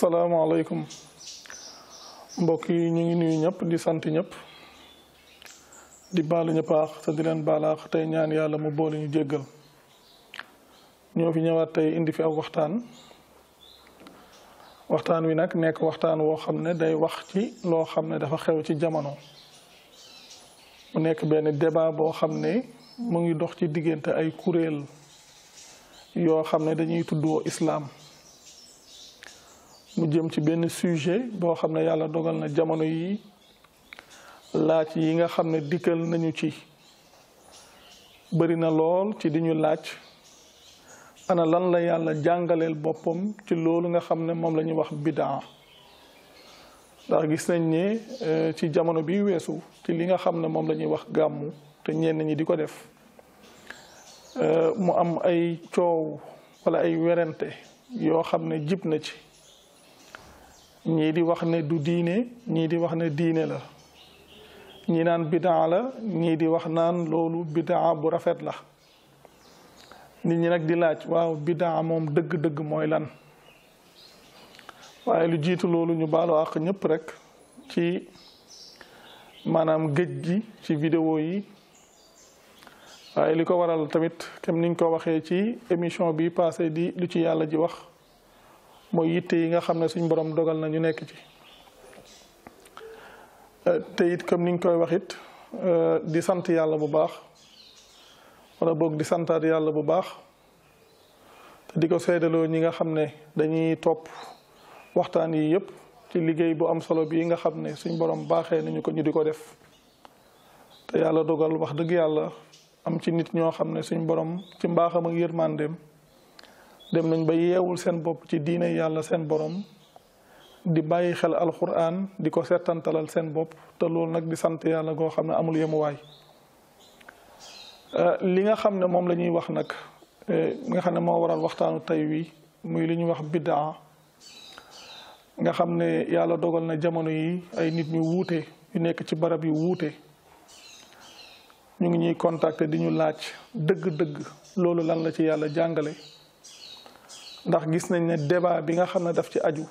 Assalamualaikum. mbokk yi ñu ngi nuyu ñëpp di sant ñëpp di baalu ñu paax te di leen baalaax tey ñaan yàlla mu boole ñu jéggal ñoo fi ñëwaat tey indi fi aw waxtaan waxtaan wi nag nekk waxtaan woo xam ne day wax ci loo xam ne dafa xew ci jamono mu nekk benn débat boo xam ne mu ngi dox ci diggante ay kuréel yoo xam ne dañuy tuddoo Islam. mu jëm ci benn sujet boo xam ne yàlla dogal na jamono yii laaj yi nga xam ne dikkal nañu ci bëri na lool ci di ñu laaj ana lan la yàlla jàngaleel boppam ci loolu nga xam ne moom la ñuy wax bidaa ndax gis nañ ne euh, ci jamono bi weesu ci li nga xam ne moom lañuy wax gàmmu te ñenn ñi di ko def euh, mu am ay coow walla ay werante yoo xam ne jib na ci ñii di wax ne du diine ñii di wax ne diine la ñi naan bidaa la ñii di wax naan loolu bidaa bu rafet la nit ñi nag di laaj waaw bidaa moom dëgg-dëgg mooy lan waaye lu jiitu loolu ñu baalu àq ñépp rek ci maanaam géej gi ci vidéo yi waaye li ko waral tamit comme niñ ko waxee ci émission bi passé di lu ci yàlla ji wax mooy yitté yi nga xamné suñu borom dogal na ñu nekk ci eh, te it comme niñ koy waxit euh di sante yalla bu baax wala bok di santaat yalla bu baax te diko ko ñi nga xamné dañuy top waxtaan yi yépp ci liggéey bu am solo bi nga xamné suñu borom baaxé nañu ko ñu diko def te yalla dogal wax dëgg yalla am ci nit ñoo xamné suñu borom ci mbaaxam ak yermandem dem nañ ba yeewul seen bopp ci diine yàlla seen borom di bàyyi xel alquran di ko seetantalal seen bopp te loolu nag di sant yàlla goo xam ne amul yemuwaay euh, li nga xam ne moom la ñuy wax nag euh, nga xam ne moo waral waxtaanu tey wi muy li ñuy wax biddaa nga xam ne yàlla dogal na jamono yi ay nit ñu wuute yu nekk ci barab yu wuute ñu ngi ñuy contacter di ñu laaj dëgg-dëgg loolu lan la ci yàlla jàngale ndax gis nañ ne débat bi nga xam ne daf ci aju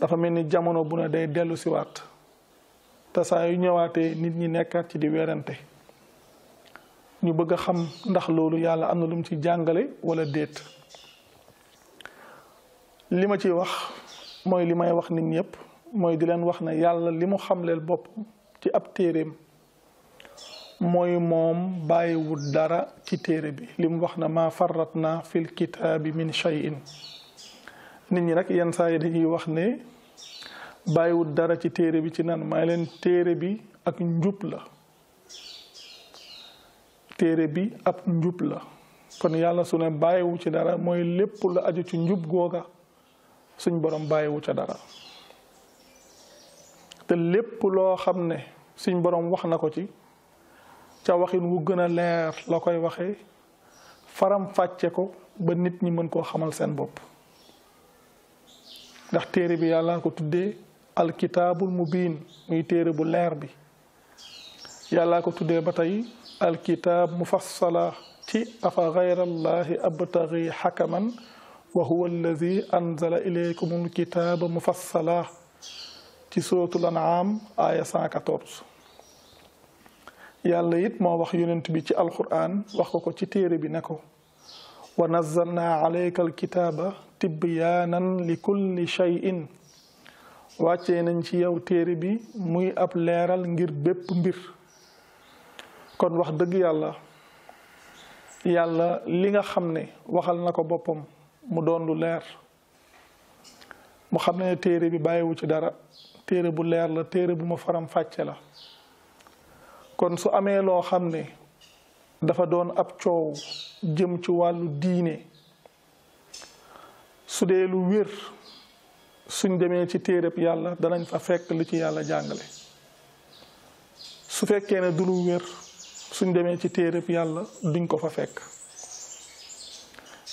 dafa mel ni jamono bu ne day dellusiwaat siwaat yu ñëwaatee nit ñi nekkaat ci di werante ñu bëgg a xam ndax loolu yàlla am na lu mu ci jàngale wala déet li ma ci wax mooy li may wax nit ñëpp mooy di leen wax na yàlla li mu xamleel bopp ci ab téeréem mooy moom bàyyiwul dara ci téere bi li wax na ma farratna fil kitaabi min shay'in nit ñi nag yenn saa yi dañuy wax ne bàyyiwul dara ci téere bi ci naan may leen téere bi ak njub la téere bi ab njub la kon yàlla su ne bàyyiwu ci dara mooy lépp la aju ci njub googa suñ borom bàyyiwu ca dara te lépp loo xam ne suñ borom wax na ko ci ca waxin wu gën a leer la koy waxee faram fàcce ko ba nit ñi mën koo xamal seen bopp ndax téere bi yàlla ko tuddee alkitaabul mubiin muy téere bu leer bi yàlla ko tuddee ba tey alkitaab mufassala ci afa gayra allahi abtagi xakaman wa huwa alladi anzala ilaykum alkitaaba mufassala ci suratul an'am aya 114 يالله يتما وحي ينتبه في القرآن وحكو كتير بناكو ونزلنا عليك الكتاب تبيانا لكل شيء واتينا نشيو بي موي اب ليرال غير بيب مير كون واخ دغ يالا يالا ليغا خامني واخال نكو بوبم مو دون لو لير مو خامني تيربي بايوو سي دارا تيربو لير لا تيربو ما فرام فاتيه لا kon su amee loo xam ne dafa doon ab coow jëm ci wàllu diine su dee lu wér suñ demee ci téereb yàlla danañ fa fekk lu ci yàlla jàngale su fekkee ne du lu wér suñ demee ci téereb yàlla duñ ko fa fekk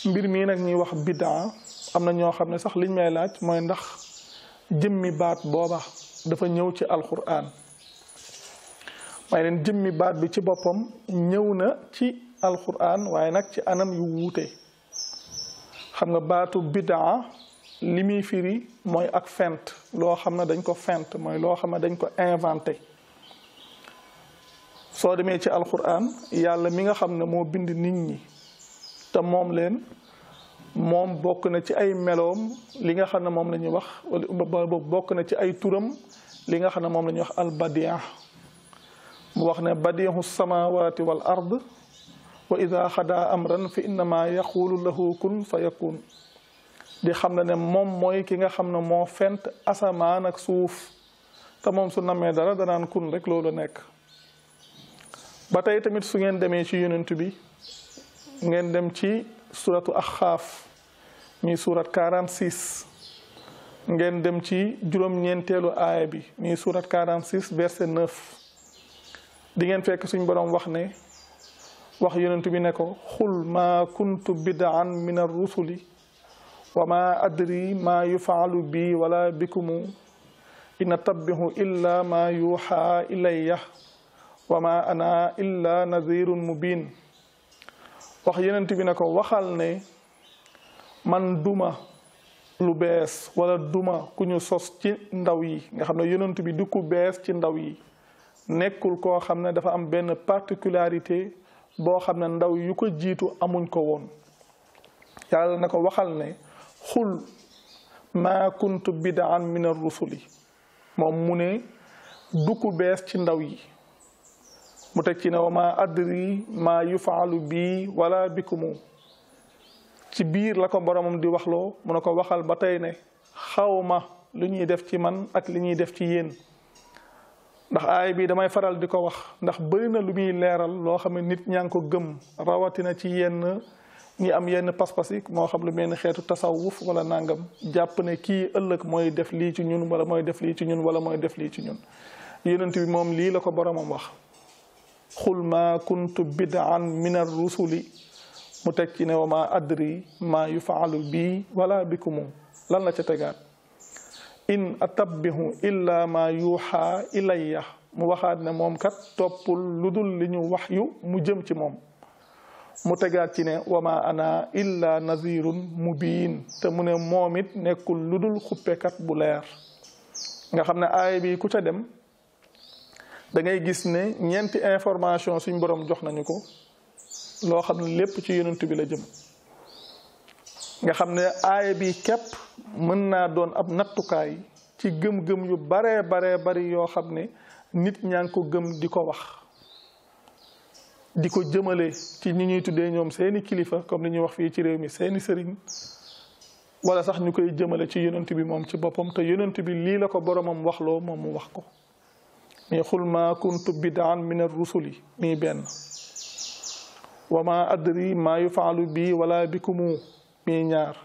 mbir mii nag ñuy wax bidaa am na ñoo xam ne sax liñ may laaj mooy ndax jëm mi baat booba dafa ñëw ci alxuraan waaye leen jëmmi baat bi ci boppam ñëw na ci alquran waaye nag ci anam yu wuute xam nga baatu bidaa li muy firi mooy ak fent loo xam ne dañ ko fent mooy loo xam ne dañ ko inventé soo demee ci alquran yàlla mi nga xam ne moo bind nit ñi te moom leen moom bokk na ci ay meloom li nga xam ne moom la ñuy wax wala bokk na ci ay turam li nga xam ne moom lañuy ñuy wax albadian وخنا بديه السماوات والارض واذا خدا امرا فانما يقول له كن فيكون دي خامنا ن موم موي كيغا خامنا مو فنت اسمان سوف تا موم سو نامي دارا دا نان كون ريك لولو نيك باتاي تاميت سو نين ديمي سي يوننت بي نين ديم سي سوره اخاف مي سوره 46 نين ديم سي جوروم نينتلو اي بي مي سوره 46 verset 9 di ngeen fekk suñ borom wax ne wax yonent bi ne ko xul maa kuntu bidaan min ar-rusuli wa ma adri maa yufaalu bi wala bikumu in attabihu illa maa yuuxa ilayya wa ma ana illa nazirun mubin wax yonent bi waxal ne man duma lu bees wala duma kuñu ñu sos ci ndaw yi nga xam ne yonent du ku bees ci ndaw yi nekkul koo xam ne dafa am benn particularité boo xam ne ndaw yu ko jiitu amuñ ko woon yàlla na ko waxal ne xul maa kuntu bidaan min ar moom mu ne du ci ndaw yi mu teg ci ne wa ma adri maa yufaalu bii wala bikumu ci biir la ko boromam di waxloo mu ne ko waxal ba tey ne xawma lu ñuy def ci man ak li ñuy def ci yéen ndax ay bi damay faral diko wax ndax bëri na lu muy leral lo xamni nit ñang ko gëm rawati na ci yenn ñi am yenn pass pass yi moo xam lu meen xétu tasawuf wala nangam jàpp ne ki ëllëg moy def li ci ñun wala moy def li ci ñun wala moy def li ci ñun yonent bi mom li lako borom am wax khul ma kuntu bid'an min ar rusul mu tek ci ne wa ma adri ma yuf'alu bi wala bikum lan la ci tegaat in atabbihu illa ma yuha ilayya mu waxaat ne moom kat toppul lu dul li ñu wax yu mu jëm ci moom mu tegaat ci ne wama ana illa nazirun mubiin te mu ne moom it nekkul lu dul xuppekat bu leer nga xam ne aaya bi ku ca dem da ngay gis ne ñeenti information suñ borom jox nañu ko loo xam ne lépp ci yonent bi la jëm nga xam ne aaya bii képp mën naa doon ab nattukaay ci gëm-gëm yu baree baree bari yoo xam ne nit ñaa ngi ko gëm di ko wax di ko jëmale ci ñi ñuy tuddee ñoom seeni kilifa comme ni ñuy wax fii ci réew mi seeni sëriñ wala sax ñu koy jëmale ci yonent bi moom ci boppam te yonent bi lii la ko boroomam waxloo moom mu wax ko mais xul ma kuntu bidaan min ar-rusuli mii benn wa adri maa yufaalu bii wala bikumu mii ñaar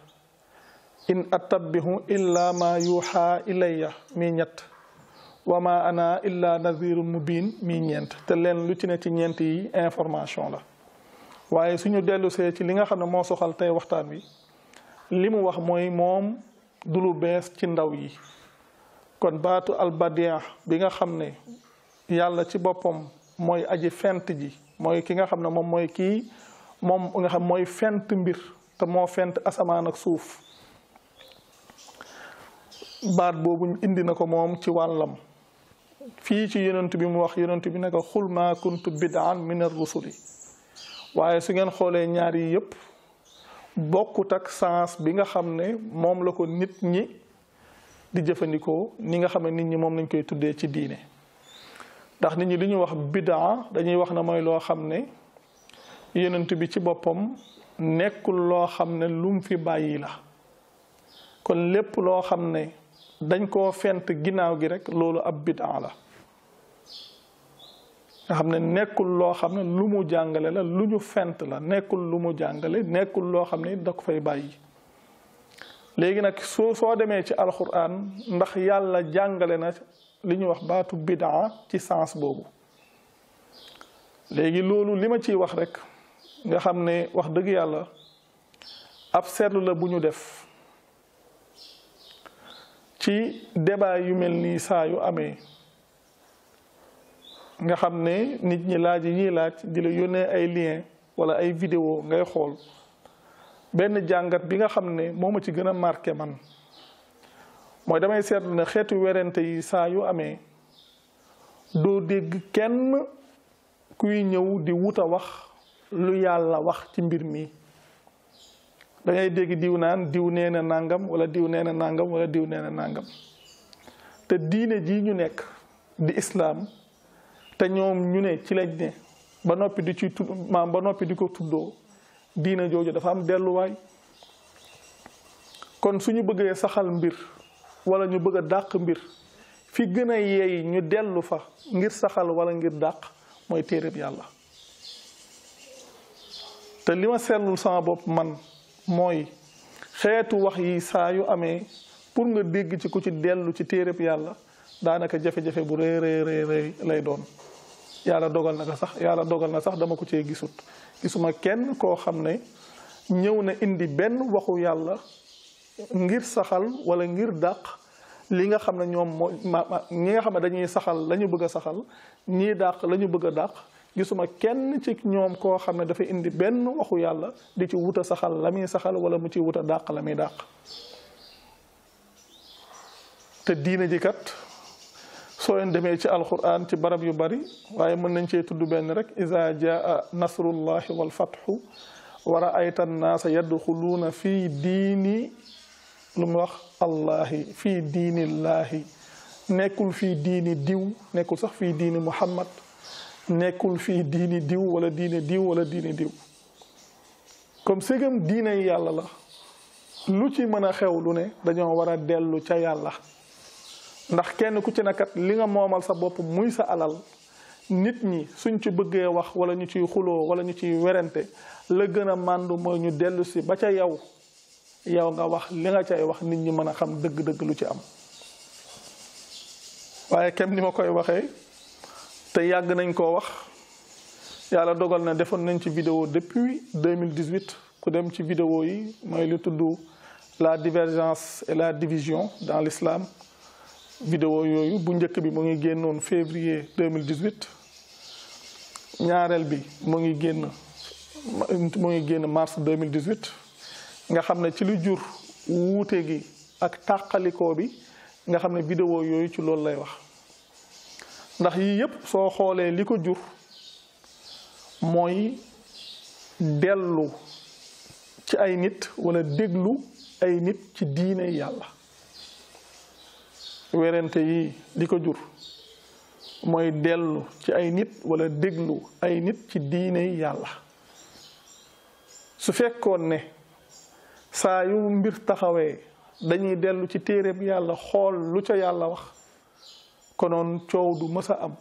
in attabihu illa ma yuuxa ilayya mii ñett wa ma ana illa naziru mubin mii ñeent te leen lu ci ne ci ñeenti information la waaye suñu dellusee ci li nga xam ne moo soxal tey waxtaan wi limu wax mooy moom du lu bees ci ndaw yi kon baatu albadia bi nga xam ne yàlla ci boppam mooy aji fent ji mooy ki nga xam ne moom mooy kii moom mooy fent mbir te moo fent asamaan ak suuf baat boobu indi na ko moom ci wàllam fii ci yonent bi mu wax yonent bi nag ko xul maa kuntu bid'an min ar waaye su ngeen xoolee ñaar yi yëpp bokkut ak sens bi nga xam ne moom la ko nit ñi di jëfandikoo ni nga xam ne nit ñi moom lañ koy tuddee ci diine ndax nit ñi li ñu wax bid'a dañuy wax na mooy loo xam ne yonent bi ci boppam nekkul loo xam ne lum fi bàyyi la kon lépp loo xam ne dañ koo fent ginnaaw gi rek loolu ab bid'a la nga xam ne nekkul loo xam ne lu mu jàngale la lu ñu fent la nekkul lu mu jàngale nekkul loo xam ne da ko fay bàyyi léegi nag soo soo demee ci alquran ndax yàlla jàngale na li ñu wax baatu bid'a ci sens boobu léegi loolu li ma ciy wax rek nga xam ne wax dëgg yàlla ab seetlu la bu ñu def ci débat yu mel nii saa yu amee nga xam ne nit ñi laaj yi laaj di la yónnee ay lien wala ay video ngay xool benn jàngat bi nga xam ne moo ma ci gën a marqué man mooy damay seetlu ne xeetu werante yi saa yu amee doo dégg kenn kuy ñëw di wut a wax lu yàlla wax ci mbir mi da dégg diw naan diw nee na nàngam wala diw nee na nàngam wala diw nee na nàngam te diine ji ñu nekk di islaam te ñoom ñu ne ci lañ ne ba noppi di ci tudd maam ba noppi di ko tuddoo diine jooju dafa am delluwaay kon ñu bëggee saxal mbir wala ñu bëgg dàq mbir fi gën a yeey ñu dellu fa ngir saxal wala ngir dàq mooy téereb yàlla te li ma seetlul sama bopp man mooy xeetu wax yi saa yu amee pour nga dégg ci ku ci dellu ci téereb yàlla daanaka jafe-jafe bu rëy rëy lay doon yàlla dogal na ko sax yàlla dogal na sax dama ko cee gisut gisuma kenn koo xam ne ñëw na indi benn waxu yàlla ngir saxal wala ngir dàq li nga xam ne ñoom moo ñi nga xam ne dañuy saxal la bëgg a saxal ñii dàq la bëgg a dàq gisuma kenn ci ñoom ko xamne dafa indi ben waxu yàlla di ci wuta saxal la saxal wala mu ci wuta dàq la dàq te diine ji kat so en deme ci alquran ci barab yu bari waye mën nañ ci tuddu ben rek iza jaa nasrullahi wal fathu wa ra'aytan annaasa yadkhuluna fi diini lu mu wax allahi fii diinillaahi nekkul fii diini diw nekkul sax fii diini muhammad nekkul fii diini diw wala diine diw wala diine diw comme sëgam diine yàlla la lu ci mën a xew lu ne dañoo war a dellu ca yàlla ndax kenn ku ci nakat li nga moomal sa bopp muy sa alal nit ñi suñ ci bëggee wax wala ñu ciy xuloo wala ñu ciy werante la gën a màndu mooy ñu dellusi ba ca yow yow nga wax li nga cay wax nit ñi mën a xam dëgg-dëgg lu ci am waaye kem ni ma koy waxee te yag nañ ko wax yalla dogal na defon nañ ci vidéo depuis 2018 ku dem ci vidéo yi may li tudd la divergence et la division dans l'islam vidéo yoyu bu njëkk bi mo ngi gennon février 2018 ñaarel bi mo ngi genn mo ngi genn mars 2018 nga xamne ci lu jur wuute gi ak takaliko bi nga xamne vidéo yoyu ci loolu lay wax ndax yii yépp soo xoolee li ko jur mooy dellu ci ay nit walla déglu ay nit ci diine yàlla werante yi li ko jur mooy dellu ci ay nit wala déglu ay nit ci diine yàlla su fekkoon ne saa yu mbir taxawee dañuy dellu ci téereb yàlla xool lu ca yàlla wax konoon coow du mës a am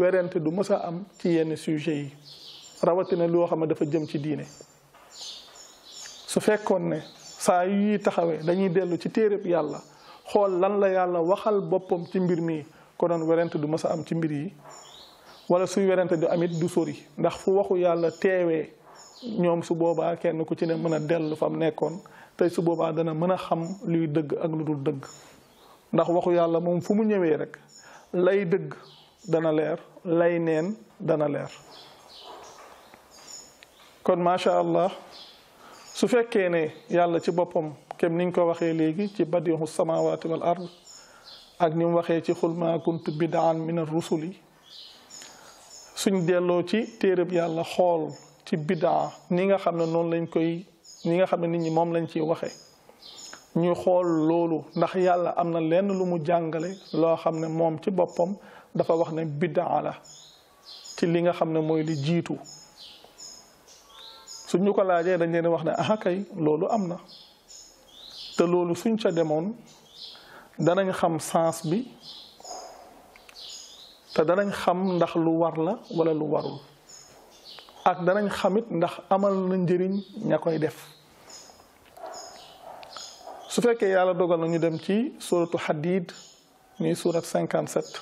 werante du mës a am ci yenn sujet yi rawatina loo xam ne dafa jëm ci diine su fekkoon ne saa yuy taxawe dañuy dellu ci téereb yàlla xool lan la yàlla waxal boppam ci mbir mi konoon werante du mës a am ci mbir yi wala suy werante du amit du sori ndax fu waxu yàlla teewee ñoom su boobaa kenn ku ci ne mën a dellu fa mu nekkoon tey su boobaa dana mën a xam luy dëgg ak lu dul dëgg ndax waxu yàlla moom fu mu ñëwee rek lay dëgg dana leer lay neen dana leer kon macha allah su fekkee ne yàlla ci boppam kem niñ ko waxee léegi ci badihu samawati wal ak ni waxee ci xul ma bidaan min ar-rusuli suñ delloo ci téereb yàlla xool ci bidaa ni nga xam ne noonu lañ koy ni nga xam ne nit ñi moom lañ ciy waxee ñu xool loolu ndax yàlla am na lenn lu mu jàngale loo xam ne moom ci boppam dafa wax ne biddaa la ci li nga xam ne mooy li jiitu suñ ñu ko laajee dañ leen wax ne ah loolu am na te loolu suñ ca demoon danañ xam sens bi te danañ xam ndax lu war la walla lu warul ak danañ xamit ndax amal na njëriñ ña koy def su fekkee yàlla dogal ñu dem ci suratu hadid ni surat 57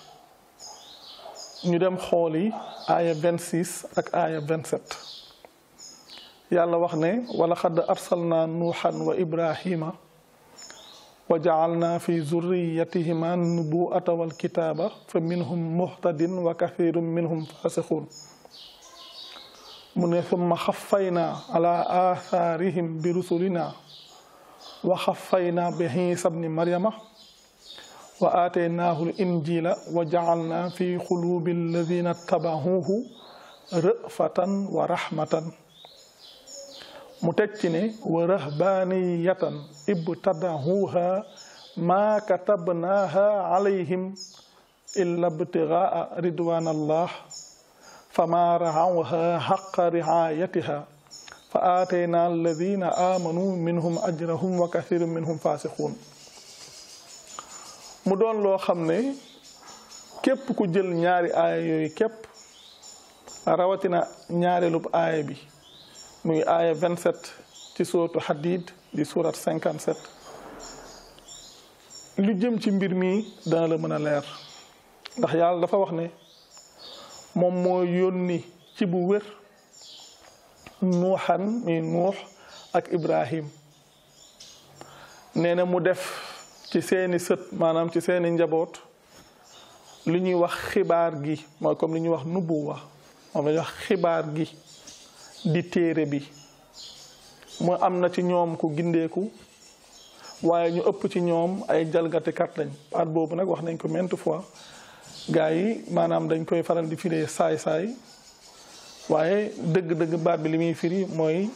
ñu dem xoli aya 26 ak aya 27 yàlla wax ne wala khad arsalna nuhan wa ibrahima wa jacalna fi zurriyatihima nubuata walkitaaba fa minhum muhtadin wa kathiru minhum fasixun mu ne summa ala aathaarihim bi rusulina وخفينا به ابن مريم وآتيناه الإنجيل وجعلنا في قلوب الذين اتبعوه رأفة ورحمة متكنة ورهبانية ابتدعوها ما كتبناها عليهم إلا ابتغاء رضوان الله فما رعوها حق رعايتها فآتينا الذين آمنوا منهم أجرهم وكثير منهم فاسقون مدون لو خمني كيب كو جيل نياري آية يوي كيب راواتنا نياري لوب آية بي مي آية 27 تي سورة حديد دي سورة 57 لو جيم تي مبير مي دا لا مانا لير داخ يالا دا فا مو يوني تي بو وير nuuxan mi nuux ak ibrahim nee na mu def ci seeni sët maanaam ci seeni njaboot li ñuy wax xibaar gi mooy comme li ñuy wax nubuwa moom la ñuy wax xibaar gi di téere bi mu am na ci ñoom ku gindeeku waaye ñu ëpp ci ñoom ay jalgatikat lañ baat boobu nag wax nañ ko maintes fois gaa yi maanaam dañ koy faral di firee saay-saay waaye dëgg-dëgg baat bi li muy firi mooy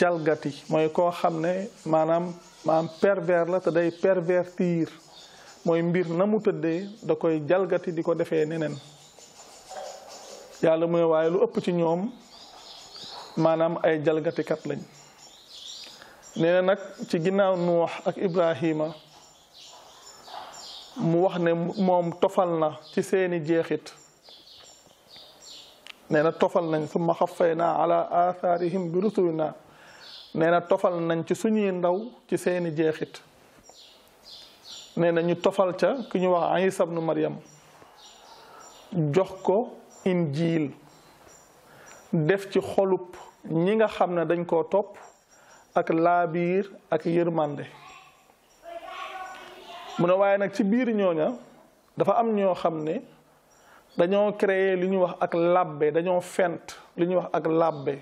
jalgati mooy koo xam ne maanaam maanaam pervers la te day pervertir mooy mbir na mu tëddee da koy jalgati di ko defee neneen yàlla mooy waaye lu ëpp ci ñoom maanaam ay jalgatikat lañ nee na nag ci ginnaaw nuux ak Ibrahima mu wax ne moom tofal na ci seeni jeexit nee na tofal nañ summa xaffay naa ala athaarihim bi rusulina nee na tofal nañ ci suñuy ndaw ci seeni jeexit nee na ñu tofal ca ki ñu wax Isa ibnu Maryam jox ko in injiil def ci xolub ñi nga xam ne dañ koo topp ak laabiir ak yërmande mu ne waaye nag ci biir ñooña dafa am ñoo xam ne dañoo créer li ñuy wax ak làbbe dañoo fent li ñuy wax ak làbbe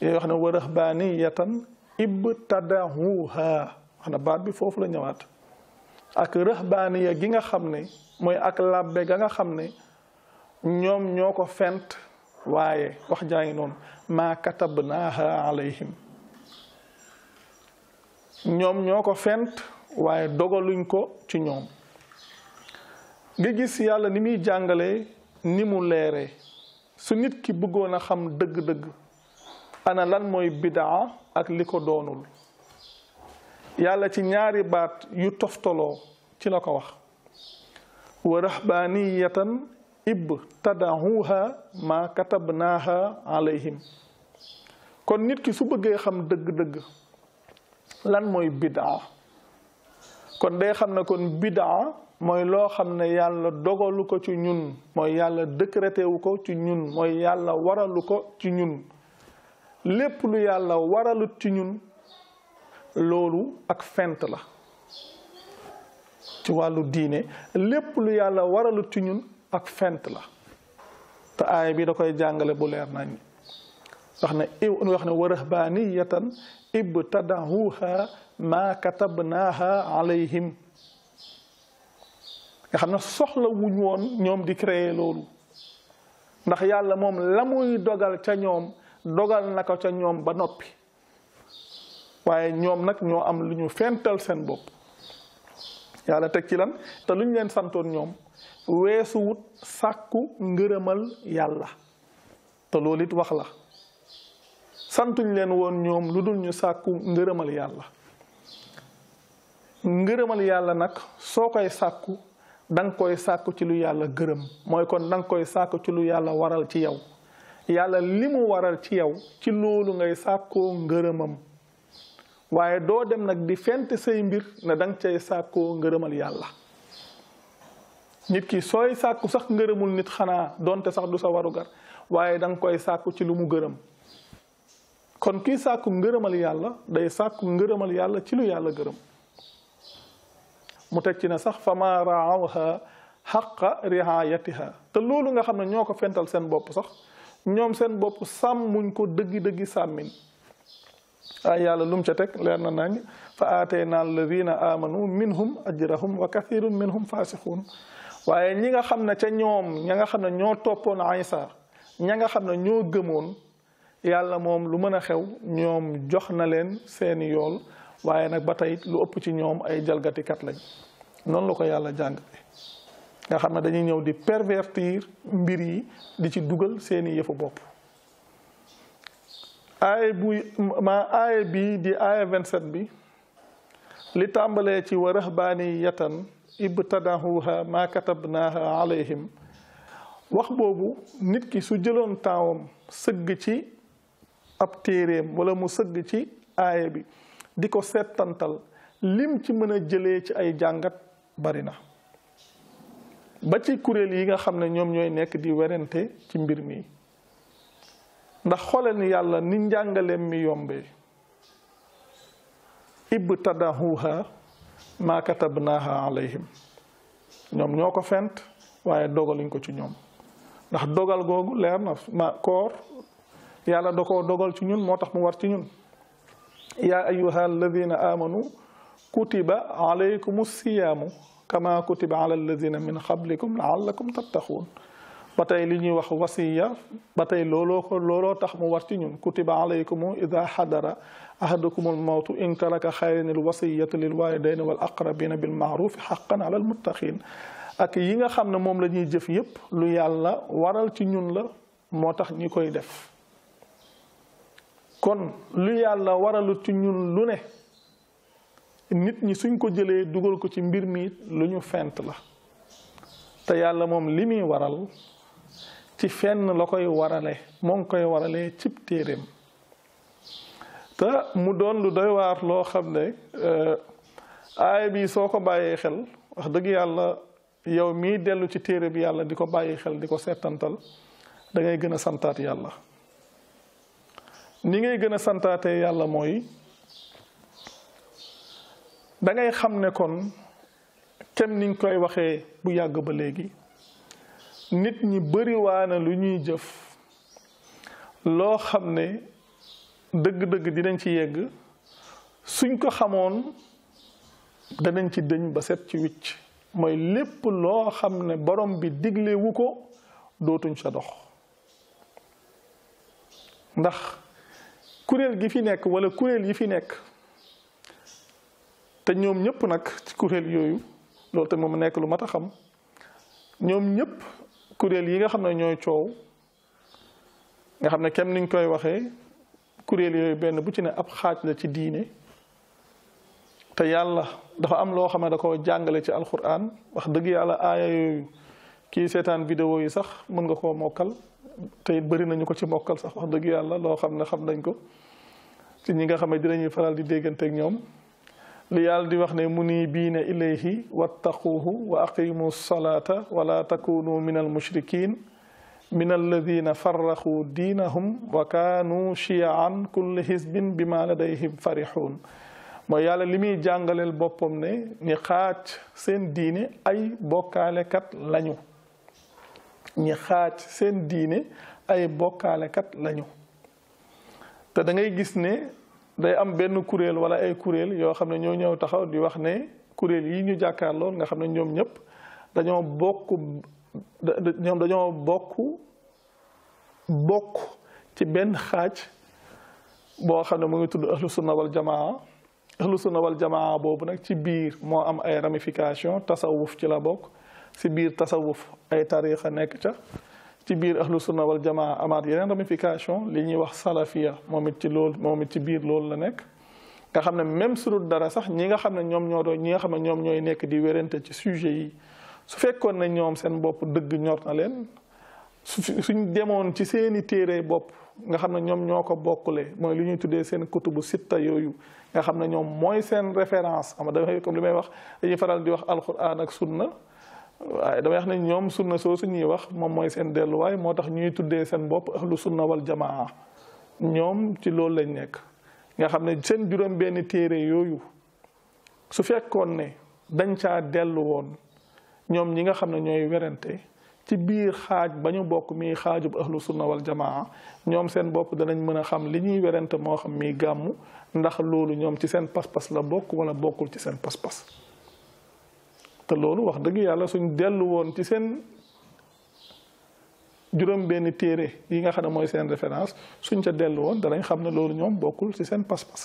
yooyu wax ne wa rahbaniyatan ibtadahuha xana baat bi foofu la ñëwaat ak rahbaniya gi nga xam ne mooy ak làbbe ga nga xam ne ñoom ñoo ko fent waaye wax jaa ngi noonu maa katabnaaha alayhim ñoom ñoo ko fent waaye dogaluñ ko ci ñoom nga gis yàlla ni muy jàngale ni mu leere su nit ki bëggoon a xam dëgg-dëgg ana lan mooy bidaa ak li ko doonul yàlla ci ñaari baat yu toftaloo ci la ko wax wa rahbaniyatan ibtadahuha ma katabnaha alayhim kon nit ki su bëggee xam dëgg-dëgg lan mooy bidaa kon day xam ne kon bidaa mooy loo xam ne yàlla dogalu ko ci ñun mooy yàlla décrété wu ko ci ñun mooy yàlla waralu ko ci ñun lépp lu yàlla waralut ci ñun loolu ak fent la ci wàllu diine lépp lu yàlla waralut ci ñun ak fent la te aay bi da koy jàngale bu leer nañ wax ne wax ne wa rahbaniyatan ibtadahuha ma katabnaha alayhim nga xam ne soxla woon ñoom di créer loolu ndax yàlla moom la dogal ca ñoom dogal na ko ca ñoom ba noppi waaye ñoom nag ñoo am lu ñu fental seen bopp yàlla teg ci lan te lu ñu leen santoon ñoom weesu wut sàkku ngërëmal yàlla te loolu it wax la santuñ leen woon ñoom lu dul ñu sàkku ngërëmal yàlla ngërëmal yàlla nag soo koy sàkku da koy sàkku ci lu yàlla gërëm mooy kon da koy sàkku ci lu yàlla waral ci yow yàlla li mu waral ci yow ci loolu ngay sàkkoo ngërëmam waaye doo dem nag di fent say mbir na da nga cay sàkkoo ngërëmal yàlla ki sooy sàkku sax ngërëmul nit xanaa donte sax du sa warugar waaye da koy sàkku ci lu mu gërëm kon kii sàkku ngërëmal yàlla day sàkku ngërëmal yàlla ci lu yàlla gërëm mu teg ci ne sax fama raawha xaqa riayatiha te loolu nga xam ne ñoo ko fental seen bopp sax ñoom seen bopp sàmm sàmmuñ ko dëggi-dëggi sàmmin ay yàlla lum ca teg leer na nañ fa atayna alladina amanu minhum ajrahum wa kathirun minhum fasixuun waaye ñi nga xam ne ca ñoom ña nga xam ne ñoo toppoon Isa ña nga xam ne ñoo gëmoon yàlla moom lu mën a xew ñoom jox na leen seeni yool waaye nag ba tey lu ëpp ci ñoom ay jalgatikat lañ noonu la ko yàlla jàng nga xam ne dañuy ñëw di pervertir mbir yi di ci dugal seeni yëfu bopp aaye bu ma aaye bi di aaye 27 bi li tàmbalee ci wa rahbaaniyatan ibtadahuha ma katabnaha alayhim wax boobu nit ki su jëloon taawam sëgg ci ab téeréem wala mu sëgg ci aaye bi di ko setantal lim ci mën a jëlee ci ay jàngat bari na ba ci kuréel yi nga xam ne ñoom ñooy nekk di werante ci mbir mi ndax xoolal ni yàlla ni njàngaleem mi yombee ibtadahuha ma katabnaha alayhim ñoom ñoo ko fent waaye dogaluñ ko ci ñoom ndax dogal googu leer na ma koor yàlla da koo dogal ci ñun moo tax mu war ci ñun يا أيها الذين آمنوا كتب عليكم الصيام كما كتب على الذين من قبلكم لعلكم تتقون باتاي لي ني واخ وصيه باتاي لولو لولو تخ مو ورتي نون كتب عليكم اذا حضر احدكم الموت ان ترك خير الوصيه للوالدين والاقربين بالمعروف حقا على المتقين اك ييغا خامن موم لا ني جيف ييب لو يالا وارال تي نون لا موتاخ ني كوي ديف kon lu yàlla waralu ci ñun lu ne nit ñi suñ ko jëlee dugal ko ci mbir mi lu ñu fent la te yàlla moom li muy waral ci fenn la koy warale moo ngi koy warale cib téeréem te mu doon lu doy waar loo xam ne euh, aaya bi soo ko bàyyee xel wax dëgg yàlla yow mii dellu ci téere bi yàlla di ko bàyyi xel di ko seetantal dangay ngay gën a santaat yàlla ni ngay gëna santaate yàlla mooy dangay xam ne kon kem niñ koy waxee bu yàgg ba léegi nit ñi bari lu ñuy jëf loo xam ne dëgg-dëgg dinañ ci yegg suñ ko xamoon danañ ci dëñ ba set ci wicc mooy lépp loo xam ne borom bi diglewu ko dootuñ sa dox ndax kuréel gi fi nekk wala kuréel yi fi nekk te ñoom ñëpp nag ci kuréel yooyu loolu te mu nekk lu mat a xam ñoom ñëpp kuréel yi nga xam ne ñooy coow nga xam ne kenn niñ koy waxee kuréel yooyu benn bu ci ne ab xaaj la ci diine te yàlla dafa am loo xam ne da ko jàngale ci alquran wax dëgg yàlla aaya yooyu kii seetaan vidéo yi sax mën nga koo mokkal te it bëri nañu ko ci mokkal sax wax dëgg yàlla loo xam ne xam nañ ko ci ñi nga xam ne dinañuy faral di dégganteeg ñoom li yàlla di wax ne munibiina ilayhi wattaquhu wa aqimu salata wala takunu min al mushrikin min alladina farraqu diinahum wa kaanu chiyaan kulli xisbin bima ladayhim farixuun mooy yàlla li muy jàngaleel boppam ne ni xaaj seen diine ay bokkaalekat lañu ñi xaaj seen diine ay bokkaalekat lañu te da gis ne day am benn kuréel wala ay kuréel yoo xam ne ñoo ñëw taxaw di wax ne kuréel yi ñu jàkkaar lool nga xam ne ñoom ñëpp dañoo bokk ñoom dañoo bokk bokk ci benn xaaj boo xam ne mu ngi tudd ahlu sunna wal jamaa ahlu sunna jamaa boobu nag ci biir moo am ay ramification tasawuf ci la bokk si biir tasawuf ay tariixa nekk ca ci biir ahlu sunna wal jamaa amaat yeneen ramification li ñuy wax salafia moom it ci loolu moom it ci biir loolu la nekk nga xam ne même su dul dara sax ñi nga xam ne ñoom ñoo doon ñi nga xam ne ñoom ñooy nekk di wérante ci sujet yi su fekkoon na ñoom seen bopp dëgg ñor na leen suñ demoon ci seeni téere bopp nga xam ne ñoom ñoo ko bokkule mooy li ñuy tuddee seen kutubu sitta yooyu nga xam ne ñoom mooy seen référence xam nga dafay comme li may wax dañuy faral di wax alquran ak sunna waaye damay wax ne ñoom sunna soosu ñuy wax moom mooy seen delluwaay moo tax ñuy tuddee seen bopp ahlu sunna wal jamaa ñoom ci loolu lañ nekk nga xam ne seen juróom téere yooyu su fekkoon ne dañ caa woon ñoom ñi nga xam ne ñooy werante ci biir xaaj ba ñu bokk mii xaajub ahlu sunna wal jamaa ñoom seen bopp danañ mën a xam li ñuy werante moo xam mii gàmmu ndax loolu ñoom ci seen pas-pas la bokk wala bokkul ci seen pas-pas te loolu wax dëgg yàlla suñ dellu woon ci seen juróom benn téere yi nga xam ne mooy seen référence suñ ca dellu woon danañ xam ne loolu ñoom bokkul ci seen pas-pas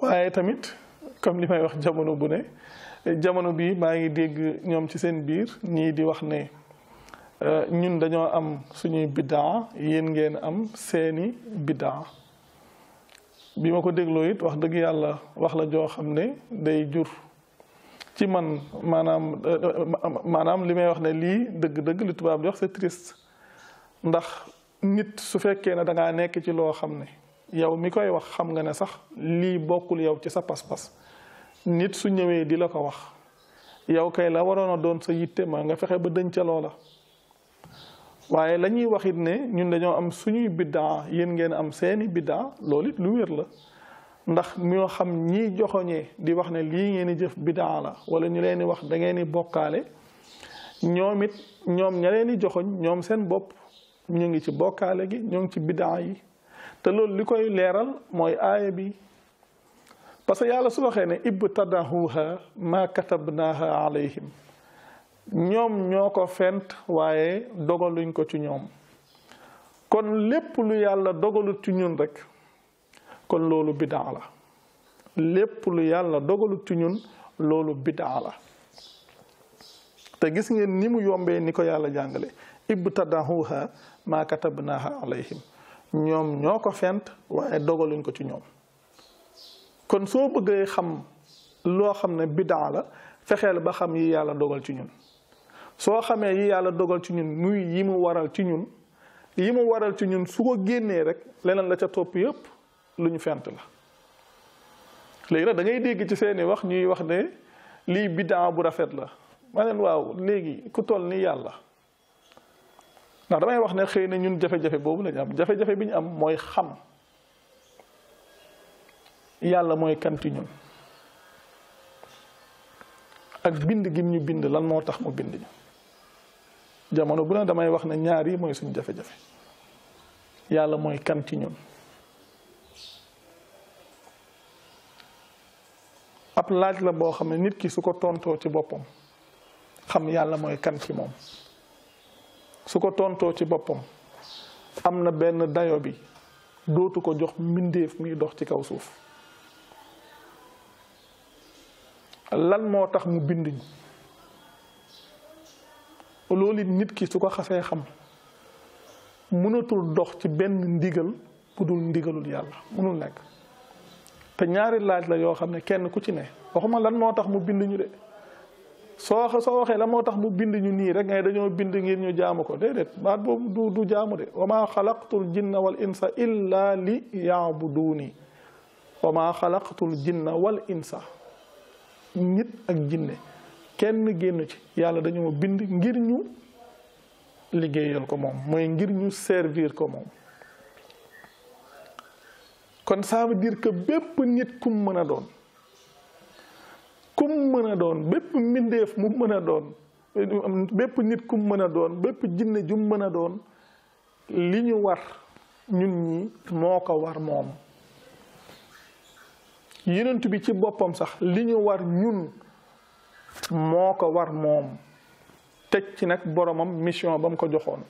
waaye tamit comme li may wax jamono bu ne jamono bii maa ngi dégg ñoom ci seen biir ñii di wax ne euh, ñun dañoo am suñuy biddaa yéen ngeen am seeni biddaa bi ma ko dégloo it wax dëgg yàlla wax la joo xam ne day jur ci man maanaam maanaam li may wax ne lii dëgg-dëgg li tubaab di wax c'est triste ndax nit su fekkee ne da nekk ci loo xam ne yow mi koy wax xam nga ne sax lii bokkul yow ci sa pas-pas nit su ñëwee di la ko wax yow kay la waroon a doon sa yitte ma nga fexe ba dënca la waaye lañuy ñuy wax it ne ñun dañoo am suñuy biddaa yéen ngeen am seeni biddaa loolu it lu wér la ndax ñoo xam ñiy joxoñee di wax ne lii ngeen di jëf biddaa la wala ñu leen di wax dangeen di bokkaale ñoom it ñoom ña leen di joxoñ ñoom seen bopp ñu ngi ci bokkaale gi ñoo ngi ci biddaa yi te loolu li koy leeral mooy aaya bi parce que yàlla su waxee ne ibtadahuha ma katabnaha alayhim ñoom ñoo ko fent waaye dogaluñ ko ci ñoom kon lépp yàlla dogalut ci ñun rek kon loolu bidaa la lépp lu yàlla dogalut ci ñun loolu bidaa la te gis ngeen ni mu yombee ni ko yàlla jàngale ibtadahuha ma katabnaha alayhim ñoom ñoo ko fent waaye ko ci ñoom kon soo bëggee xam loo xam ne bidaa la fexeel ba xam yi yàlla dogal ci ñun soo xamee yi yàlla dogal ci ñun muy yi mu waral ci ñun yi mu waral ci ñun su ko génnee rek leneen la ca topp yëpp lu ñu fent la léegi nag da dégg ci seeni wax ñuy wax ne lii biddaa bu rafet la ma leen waaw léegi ku toll ni yàlla ndax damay wax ne xëy na ñun jafe-jafe boobu lañu am jafe-jafe bi ñu am mooy xam yàlla mooy kan ci ñun ak bind gim ñu bind lan moo tax mu bind ñu jamono bu ne damay wax na ñaar yi mooy suñu jafe-jafe yàlla mooy kan ci ñun ab laaj la boo xam ne nit ki su ko tontoo ci boppam xam yàlla mooy kan ci moom su ko tontoo ci boppam am na benn dayo bi dootu ko jox mbindeef muy dox ci kaw suuf lan moo tax mu binduñ loolu it nit ki su ko xasee xam mënatul dox ci benn ndigal bu dul ndigalul yàlla mënul nekk te ñaari laaj la yoo xam ne kenn ku ci ne waxuma lan moo tax mu bind ñu de soo soo waxee lan moo tax mu bind ñu nii rek ngay dañoo bind ngir ñu jaamu ko déedéet baat boobu du du jaamu de wa maa xalaqtul jinna wal insa illa li yaabuduuni wa maa xalaqtul jinna wal insa nit ak jinne kenn génn ci yàlla dañu bind ngir ñu liggéeyal ko moom mooy ngir ñu servir ko moom kon ça veut dire que bépp nit kum mën a doon kum mën a doon bépp mu mën a nit kum mën a doon bépp jinne jum mën a doon li ñu war ñun ñi moo ko war moom yenent bi ci boppam sax li ñu war ñun moo ko war moom teg ci nag boromam mission ba mu ko joxoon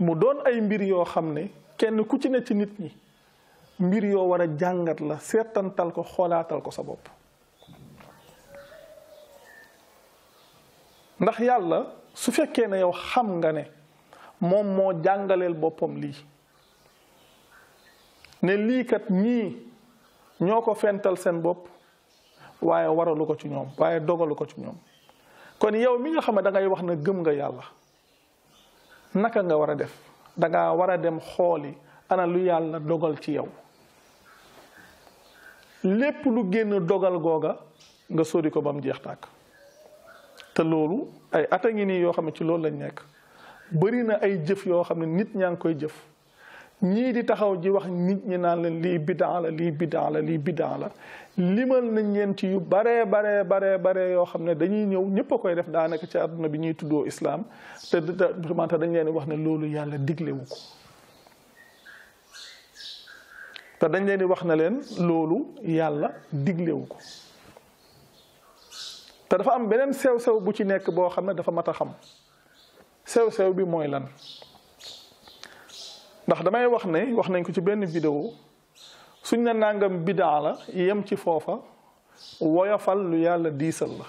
mu doon ay mbir yoo xam ne kenn ku ci ne ci nit ñi mbir yoo war a jàngat la seetantal ko xoolaatal ko sa bopp ndax yàlla su fekkee ne yow xam nga ne moom moo jàngaleel boppam lii ne liikat ñii ñoo ko fental seen bopp waaye waralu ko ci ñoom waaye dogalu ko ci ñoom kon yow mi nga xam ne da wax na gëm nga yàlla naka nga war a def danga war a dem xooli ana lu yàlla dogal ci yow lépp lu génn dogal googa nga sori ko ba mu jeex tàkk te loolu ay ata ngi nii yoo xam ne ci loolu lañ nekk bëri na ay jëf yoo xam ne nit ñaa ngi koy jëf ñii di taxaw ji wax nit ñi naan leen lii bidaa la lii bidaa la lii bidaa la limal nañ leen ci yu baree baree baree baree yoo xam ne dañuy ñëw ñëpp a koy def daanaka ci àdduna bi ñuy tuddoo islaam te vraiment dañ leen wax ne loolu yàlla diglewu ko te dañ leen di wax na leen loolu yàlla diglewu ko te dafa am beneen sew-sew bu ci nekk boo xam ne dafa mat a xam sew-sew bi mooy lan ndax damay wax ne wax nañ ko ci benn vidéo suñ ne nangam bidaa la yem ci foofa woyofal lu yàlla diisal la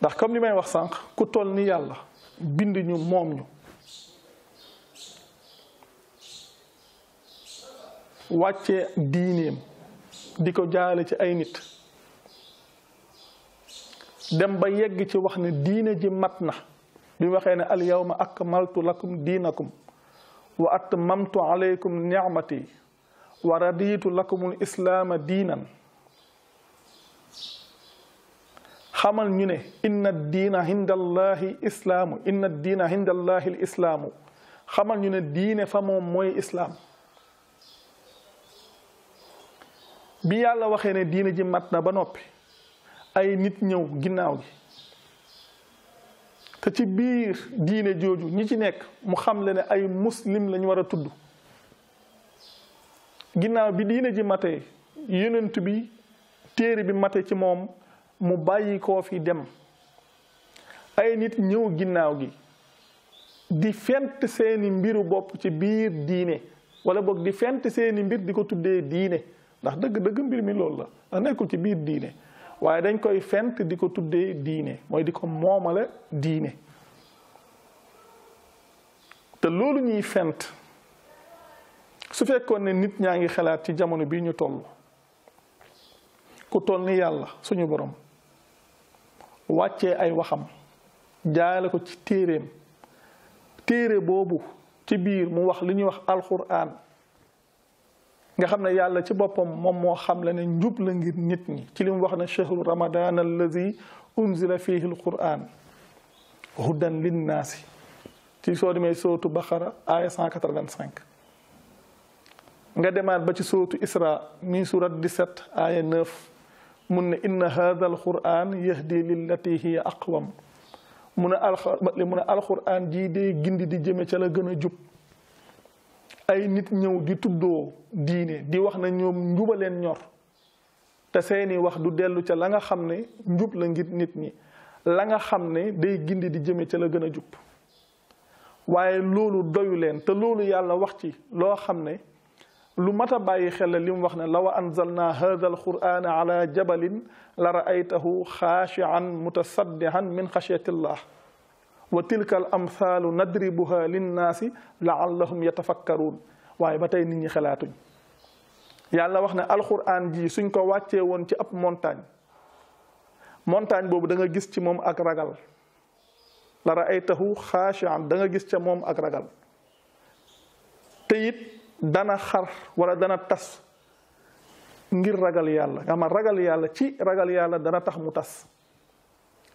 ndax comme li may wax sànq ku toll ni yàlla bind ñu moom ñu wàccee diineem di ko jaale ci ay nit dem ba yegg ci wax ni diine ji mat na bi waxee ne al yawma akmaltu lakum diinakum wa atmamtu alaykum ni'mati wa raditu lakumul islaama diinan xamal ñu ne inna diina hindallahi diina hindallahi islaamu xamal ñu ne diine fa moom mooy islaam bi yàlla waxee ne diine jimat na ba noppi ay nit ñëw ginnaaw gi te ci biir diine jooju ñi ci nekk mu xam le ne ay muslim lañ war a tudd ginnaaw bi diine ji mate yonent bi téere bi mate ci moom mu bàyyi koo fi dem ay nit ñëw ginnaaw gi di fent seeni mbiru bopp ci biir diine walla boog di fent seeni mbir di ko tuddee diine ndax dëgg-dëgg mbir mi loolu la ndax nekkul ci biir diine waaye dañ koy fent di ko tuddee diine mooy di ko moomale diine te loolu ñuy fent su fekkoon ne nit ñaa ngi xelaat ci jamono bii ñu toll ku toll ni yàlla suñu borom wàccee ay waxam jaayale ko ci téeréem téere boobu ci biir mu wax li ñuy wax alquran nga xam ne yàlla ci boppam moom moo xam la ne njub la ngir nit ñi ci li mu wax ne chahru ramadan allazi unzila fihi alquran hudan linnaasi ci soo demee sootu baqara aya 185 nga demaat ba ci sootu isra mi surat 17 aya 9 mun ne inna hada alquran yahdi lillati hiya aqwam mun a al mun a alquran jii dee gindi di jëme ca la gën a jub ay nit ñëw di tuddo diine di wax na ñom njuba leen ñor te seeni wax du delu ci la nga xamne njub la ngit nit ñi la nga xamne day gindi di jëme ci la gëna jup waye lolu doyu leen te lolu yàlla wax ci lo xamne lu mata bàyyi xel la li mu wax ne law anzalna hadha alquran ala jabalin la ra'aytahu khashi'an mutasaddihan min khashyati allah وتلك الامثال ندربها للناس لعلهم يتفكرون واي باتاي نيت ني خلاتوني يالا واخنا القران جي سنكو واتيه وون تي اب مونتاج مونتاج بوبو داغا غيس تي موم اك راغال لا رايته خاشعا داغا غيس تي موم اك راغال تييت دانا خار ولا دانا تاس ngir ragal yalla ama ragal yalla ci ragal yalla dana tax mu tass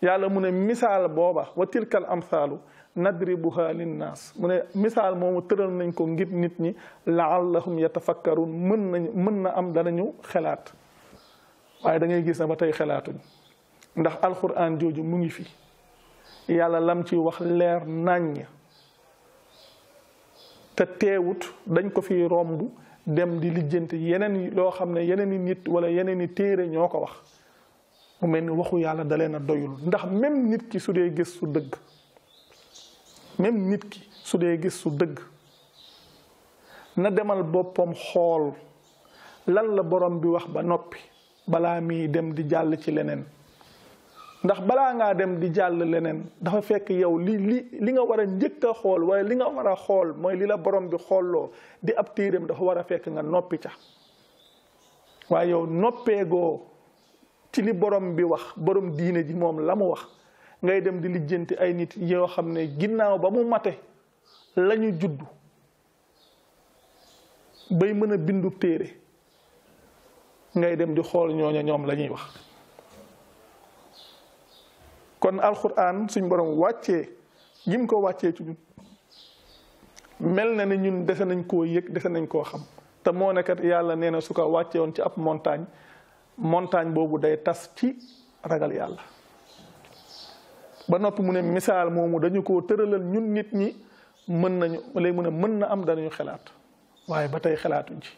يالا مون مثال بوبا وتلك الامثال ندربها للناس مون مثال مومو تيرال نانكو نيب نيت ني لعلهم يتفكرون من من ام دانيو خلات واي داغي غيس با تاي خلاتو ندخ القران جوجو موغي في يالا لام تي واخ لير نانيا تتيوت دنجكو في رومبو dem di lijeenti yeneen loo xam ne nit wala yeneen i téere wax mu mel ni waxu yàlla da na a doyul ndax même nit ki su dee gis su dëgg nit ki su dee gis su dëgg na demal boppam xool lan la borom bi wax ba noppi balaa muy dem di jàll ci leneen ndax balaa ngaa dem di jàll leneen dafa fekk yow li li li nga war a njëkk a xool wala li nga war a xool mooy li la borom bi xooloo di ab téereem dafa war a fekk nga noppi ca waaye yow noppeegoo ci li borom bi wax borom diine ji moom la mu wax ngay dem di lijjanti ay nit yoo xam ne ginnaaw ba mu mate la ñu bay mën a bindu péere ngay dem di xool ñooña ñoom la ñuy wax kon alxuraan suñ borom wàccee gim ko wàccee ci ñun mel na ne ñun dese nañ koo yëg dese nañ koo xam te moo ne yàlla nee na su ko wàccee woon ci ab montagne montagne boobu day tas ci ragal yàlla ba noppi mu ne misaal moomu dañu ko tëralal ñun nit ñi mën nañu léegi mu ne mën na am danañu xalaat waaye ba tey xalaatuñ ji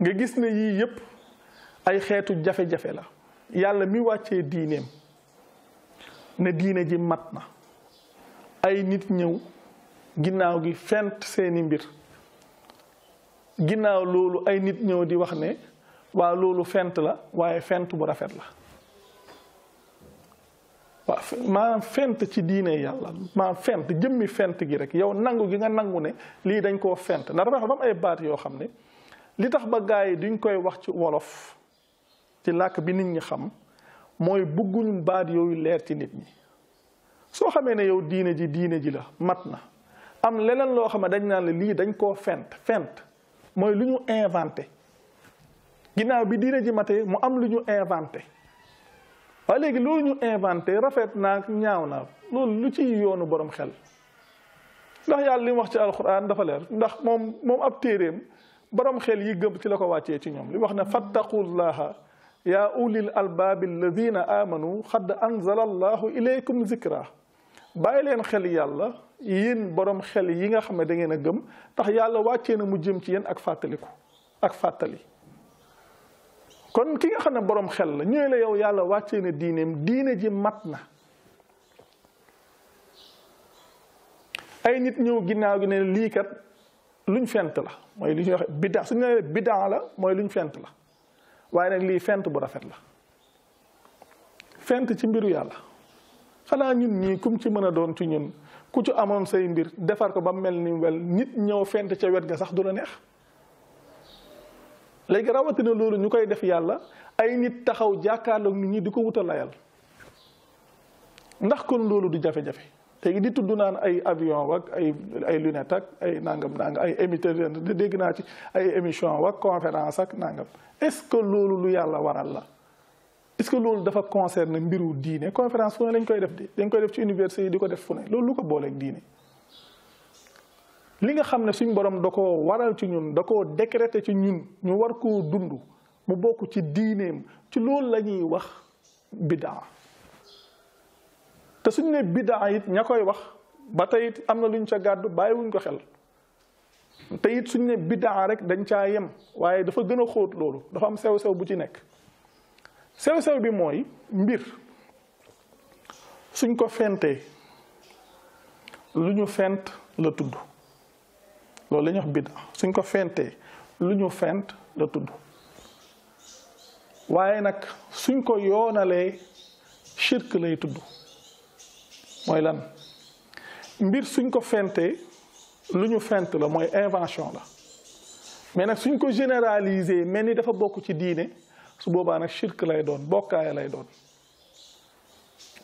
nga gis ne yii yépp ay xeetu jafe-jafe la yàlla mi wàccee diineem ne diine ji mat na ay nit ñëw ginnaaw gi fent seeni mbir ginnaaw loolu ay nit ñëw di wax ne waa loolu fent la waaye fent bu rafet la waaw maanaam fent ci diine yàlla maanaam fent jëmmi fent gi rek yow nangu gi nga nangu ne lii dañ koo fent ndax dafa ba mu ay baat yoo xam ne li tax ba gaa yi duñ koy wax ci wolof ci làkk bi nit ñi xam mooy bëgguñ baat yooyu leer ci nit ñi soo xamee ne yow diine ji diine ji la mat na am leneen loo xam ne dañ naan la lii dañ koo fent fent moy luñu ñu inventé ginnaaw bi diine ji maté mu am luñu ñu inventé waaye léegi loolu ñu inventé rafet naa ñaaw na loolu lu ci yoonu borom xel ndax yàlla lim wax ci alquran dafa leer ndax mom mom ab téréem borom xel yi gëm ci lako wacce ci ñom li wax na fattaqullaha يا أولي الألباب الذين آمنوا قد أنزل الله إليكم ذكرا bàyyi leen الله yéen borom xel yi nga xam ne dangeen ngeen a gëm tax yàlla wàccee na mu jëm ci yéen ak fàttaliku ak fàttali kon ki nga xam ne borom xel la ñooy la yow yàlla wàccee na diineem diine ji mat na. ay nit ñëw ginnaaw gi ne lii kat luñ fent la mooy li ñuy wax biddaa la mooy luñ fent la waaye nag lii fent bu rafet la fent ci mbiru yàlla xanaa ñun ñii kum ci mën a doon ci ñun. ku ci amoon say mbir defar ko ba mel ni wel nit ñëw fent ca wet ga sax du la neex léegi rawatina loolu ñu koy def yàlla ay nit taxaw jàkkaarlook nit ñi di ko wutal layal ndax kon loolu du jafe-jafe léegi di tudd naan ay avion wak ay ay lunette ak ay nangam nangam ay émetteur dégg naa ci ay émission wak conférence ak nangam est loolu lu yàlla waral la est que loolu dafa concerne mbiru diine conférence fu ne lañ koy def di dañ koy def ci université yi di ko def fu ne loolu lu ko booleeg diine li nga xam ne suñ borom da ko waral ci ñun da koo décréter ci ñun ñu war koo dund mu bokk ci diineem ci loolu la ñuy wax bidaa te suñ ne bidaa it ña koy wax ba tey am na luñ sa gàddu bàyyiwuñ ko xel te it suñ ne bidaa rek dañ caa yem waaye dafa gën a xóot loolu dafa am sew-sew bu ci nekk sew-sew bi mooy mbir suñ ko fentee lu ñu fent la tudd loolu la ñuy suñ ko fentee lu ñu fent la tudd waaye nag suñ ko yoonalee shirk lay tudd mooy lan mbir suñ ko fentee lu ñu fent la mooy invention la mais nag suñ ko généraliser mel ni dafa bokk ci diine su boba nag shirk lay don bokay lay don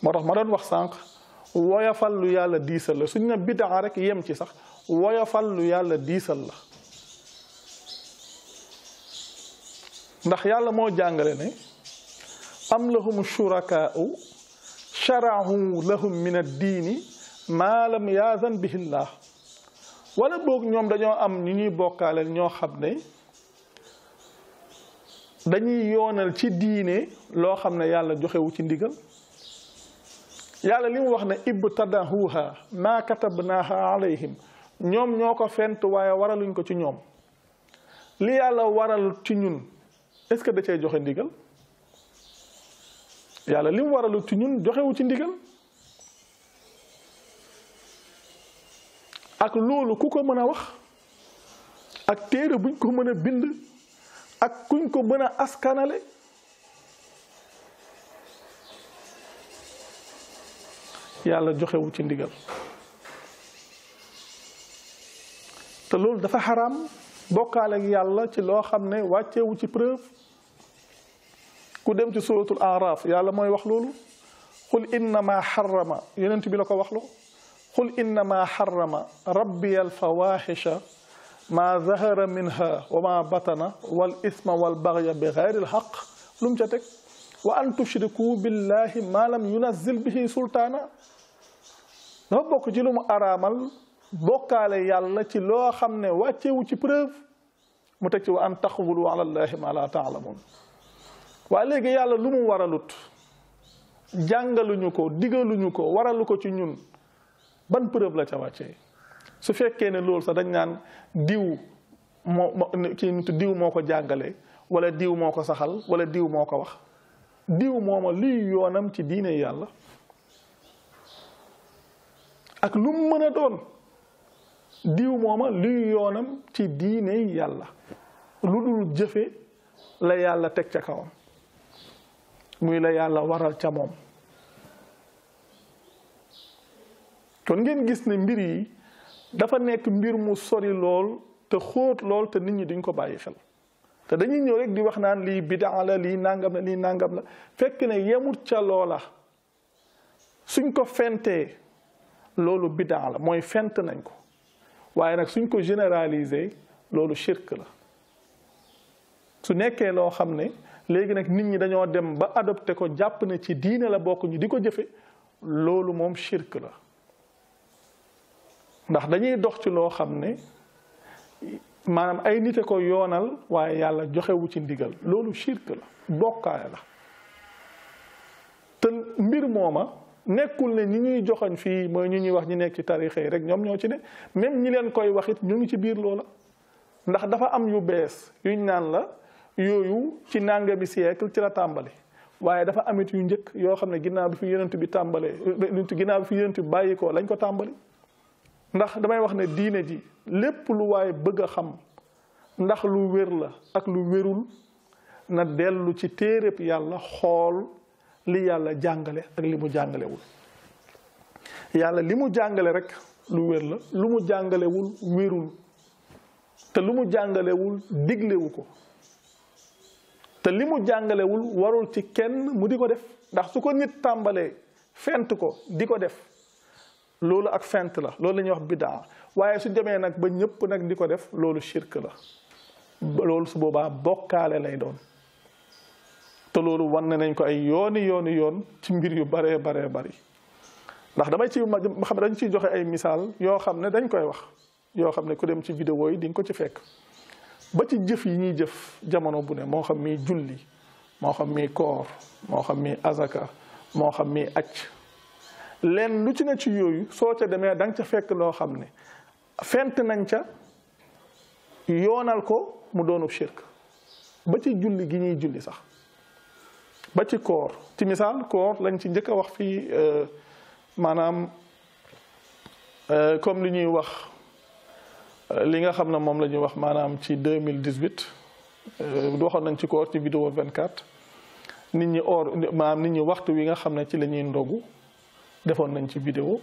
motax ma don wax sank woyofal lu yàlla diisal la suñ ne bid'a rek yem ci sax woyofal lu yàlla diisal la ndax yàlla mo jàngale ne am lahum shurakaa'u shara'u lahum min ad din ma lam yazan bihi allah wala bok ñom dañu am ñi ñuy bokkaaleel ño xamne dañuy yoonal ci diine loo xam ne yàlla joxewu ci ndigal yàlla li mu wax ne ibtadahuha maa katabnaaha alayhim ñoom ñoo ko fent waaye waraluñ ko ci ñoom li yàlla waral ci ñun est-ce que da cee joxe ndigal yàlla li mu waralu ci ñun joxewu ci ndigal ak loolu ku ko mën a wax ak téere buñ ko mën a bind ak kuñ ko mën a askanale yàlla joxewu ci ndigal te loolu dafa xaraam bokkaale ak yàlla ci loo xam ne wàccewu ci preuve ku dem ci suratul araf yàlla mooy wax loolu qul innama xarama yonent bi la ko wax loo qul innama xarama rabbi alfawahisha ما ظهر منها وما بطن والإثم والبغي بغير الحق لمجتك وأن تشركوا بالله ما لم ينزل به سلطانا نبوك جلوم أرامل بوك علي يالله تي لو خمنا واتي وتي بروف متكتي وأن تقبلوا على الله ما لا تعلمون وعليك يالله لوم ورالوت جانجلو نيوكو ديغلو نيوكو ورالوكو تي نيون بان بروف لا تي واتي su fekkee ne loolu sa dañ naan diw kii nit diw moo ko jàngale wala diw moo ko saxal wala diw moo ko wax diw mooma luy yoonam ci diine yàlla ak lu mu mën a doon diw mooma luy yoonam ci diine yàlla lu dul jëfe la yàlla teg ca kawam muy la yàlla waral ca moom kon ngeen gis ne mbir yi dafa nekk mbir mu sori lool te xóot lool te nit ñi duñ ko bàyyi xel te dañuy ñëw rek di wax naan lii bidaa la lii nangam la lii nangam la fekk ne yemut ca loola suñ ko fentee loolu bidaa la mooy fent nañ ko waaye nag suñ ko généraliser loolu shirk la su nekkee loo xam ne léegi nag nit ñi dañoo dem ba adopté ko jàpp ne ci diine la bokk ñu di ko jëfe loolu moom shirk la ndax dañuy dox ci loo xam ne maanaam ay nite ko yoonal waaye yàlla joxewu ci ndigal loolu shirk la bokkaale la te mbir mooma nekkul ne ñi ñuy joxoñ fii mooy ñu ñuy wax ñi nekk ci tarixa yi rek ñoom ñoo ci ne même ñi leen koy wax it ñu ngi ci biir loola ndax dafa am yu bees yuñ naan la yooyu ci nangami siècle ci la tàmbali waaye dafa amit yu njëkk yoo xam ne ginnaaw bi fi yonent bi tàmbalee ginnaaw bi fi yonent bi bàyyi ko lañ ko tàmbali ndax damay wax ne diine ji lépp lu waaye bëgg a xam ndax lu wér la ak lu wérul na dellu ci téereb yàlla xool li yàlla jàngale ak li mu jàngalewul yàlla li mu jàngale rek lu wér la lu mu jàngalewul wérul te lu mu jàngalewul diglewu ko te li mu jàngalewul warul ci kenn mu di ko def ndax su ko nit tàmbalee fent ko di ko def loolu ak fent la loolu lañuy wax bidaa waaye su demee nag ba ñëpp nag di ko def loolu shirk la loolu su boobaa bokkaale lay doon te loolu wan nañ ko ay yooni yooni yoon ci mbir yu baree baree bari ndax damay ci ma xam dañ ciy joxe ay misaal yoo xam ne dañ koy wax yoo xam ne ku dem ci vidéo yi di ko ci fekk ba ci jëf yi ñuy jëf jamono bu ne moo xam mi julli moo xam mi koor moo xam mi azaka moo xam mi acc lenn lu ci ne ci yooyu soo ca demee da nga ca fekk loo xam ne fent nañ ca yoonal ko mu doonu shirk ba ci julli gi ñuy julli sax ba ci koor ci misaal koor lañ ci njëkk a wax fii euh, maanaam euh, comme li ñuy wax euh, li nga xam ne moom la ñuy wax maanaam ci 2018 waxoon nañ ci koor ci vingt 24 nit ñi or maanaam nit ñi waxtu wi nga xam ne ci la ñuy ndogu defon nañ ci vidéo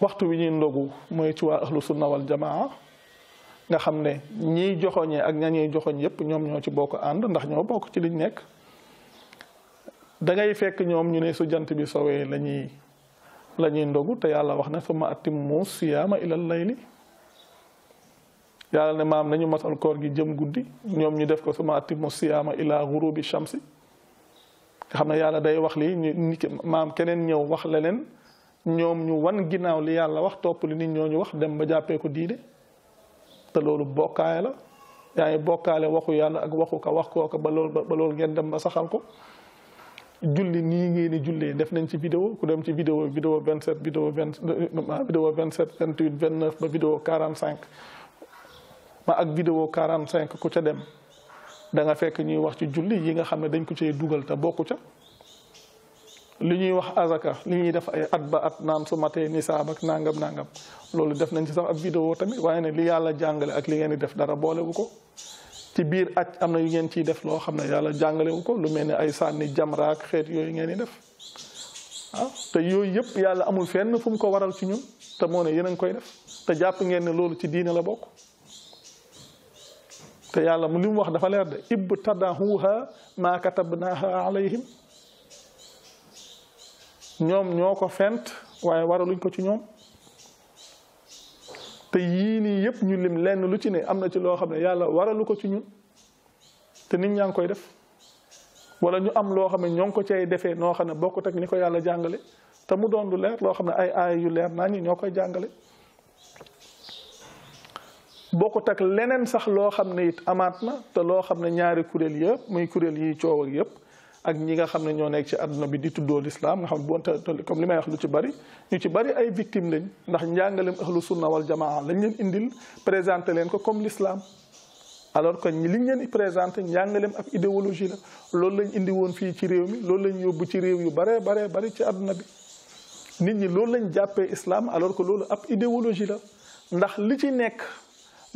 waxtu wi ñi ndogu moy ci wa ahlus sunna wal jamaa nga xamne ne ñiy ak ñañi joxoñ yépp ñom ñoo ci bokk and ndax ñoo bokk ci liñ nek da ngay fekk ñom ñu ne su jant bi sowé la lañuy la ndogu te yalla wax na suma atimmu siyaama ilal layli yalla ne maam nañu masal koor gi jëm guddii ñom ñu def ko suma atimmu siyaama ila ghurubi shamsi nga xam ne yàlla day wax lii ñu maam keneen ñëw wax leen ñoom ñu wan ginnaaw li yàlla wax topp li nit ñoo ñu wax dem ba jàppee ko diine te loolu bokkaay la yaa bokkaale waxu yàlla ak waxu ko wax kooka ba loolu ba ngeen dem ba saxal ko julli nii ngeen di jullee def nañ ci vidéo ku dem ci vidéo vidéo vingt sept vidéo vingt ah, vidéo vingt sept vingt huit vingt neuf ba vidéo quarante cinq ma ak vidéo quarante cinq ku ca dem danga nga fekk ñuy wax ci julli yi nga xam ne dañ ko cee dugal te bokku ca li ñuy wax azaka li ñuy def ay at ba at naan su matee nisaab ak nàngam nangam loolu def nañ ci sax ab vidéo tamit waaye ne li yàlla jàngale ak li ngeen di def dara boolewu ko ci biir aj am na yu ngeen ciy def loo xam ne yàlla jàngalewu ko lu mel ni ay sànni jamra xeet yooyu ngeen di def ah te yooyu yëpp yàlla amul fenn fu mu ko waral ci ñun te moo ne yéen koy def te jàpp ngeen ne loolu ci diine la bokk te yàlla mu li mu wax dafa leer de ibtadahuha ma katabnaha alayhim ñoom ñoo ko fent waaye waraluñ ko ci ñoom te yii nii yëpp ñu lim lenn lu ci ne am na ci loo xam ne yàlla waralu ko ci ñun te nit ñaa ngi koy def wala ñu am loo xam ne ñoo ngi ko cay defee noo xam ne bokkut ak ni ko yàlla jàngale te mu doon lu leer loo xam ne ay ayu leer naa ñi ñoo koy jàngale bokkut ak leneen sax loo xam ne it amaat na te loo xam ne ñaari kuréel yëpp muy kuréel yi coow ak yëpp ak ñi nga xam ne ñoo nekk ci àdduna bi di tuddoo lislaam nga xam ne bonte comme li may wax lu ci bari ñu ci bari ay victime lañ ndax njàngalem ahlu sunna wal jamaa lañ leen indil présenté leen ko comme l'islam alors que liñ leen présenté njàngalem ak idéologie la loolu lañ indi woon fii ci réew mi loolu lañ yóbbu ci réew yu bare bare bari ci àdduna bi nit ñi loolu lañ jàppee islam alors que loolu ab idéologie la ndax li ci nekk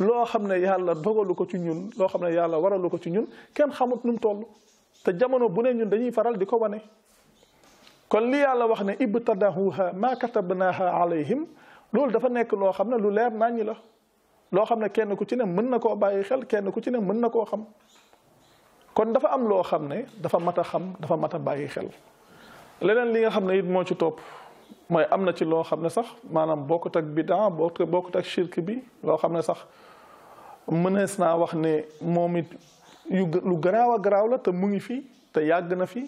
loo xam ne yàlla bëggalu ko ci ñun loo xam ne yàlla waralu ko ci ñun kenn xamut num mu toll te jamono bu ne ñun dañuy faral di ko wane kon li yàlla wax ne ibtadahuha ma katabnaha alayhim loolu dafa nekk loo xam ne lu leer naññi la loo xam ne kenn ku ci ne mën na koo bàyyi xel kenn ku ci ne mën na koo xam kon dafa am loo xam ne dafa mat a xam dafa mat a bàyyi xel leneen li nga xam ne it moo ci topp mooy am na ci loo xam ne sax maanaam bokkut ak bidaa bokkut ak shirk bi loo xam ne sax mënees naa wax ne moom it lu garaaw a garaaw la te mu ngi fi te yàgg na fi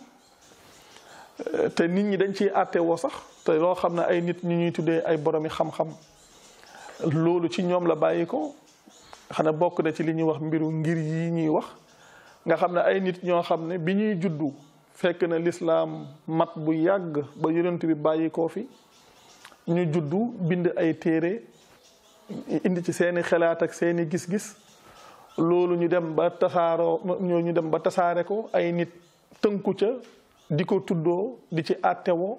euh, te nit ñi dañ ciy àtte woo sax te loo xam ne ay nit ñu ñuy tuddee ay boromi xam-xam loolu ci ñoom la bàyyi ko xanaa bokk na ci li ñuy wax mbiru ngir yi ñuy wax nga xam ne ay nit ñoo xam ne bi ñuy juddu fekk na lislaam mat bu yàgg ba yonent bi bàyyi fi ñu juddu bind ay téere indi ci seeni xalaat ak seeni gis-gis loolu ñu dem ba tasaaroo ñu dem ba tasaare ko ay nit tënku ca di ko tuddoo di ci àttewoo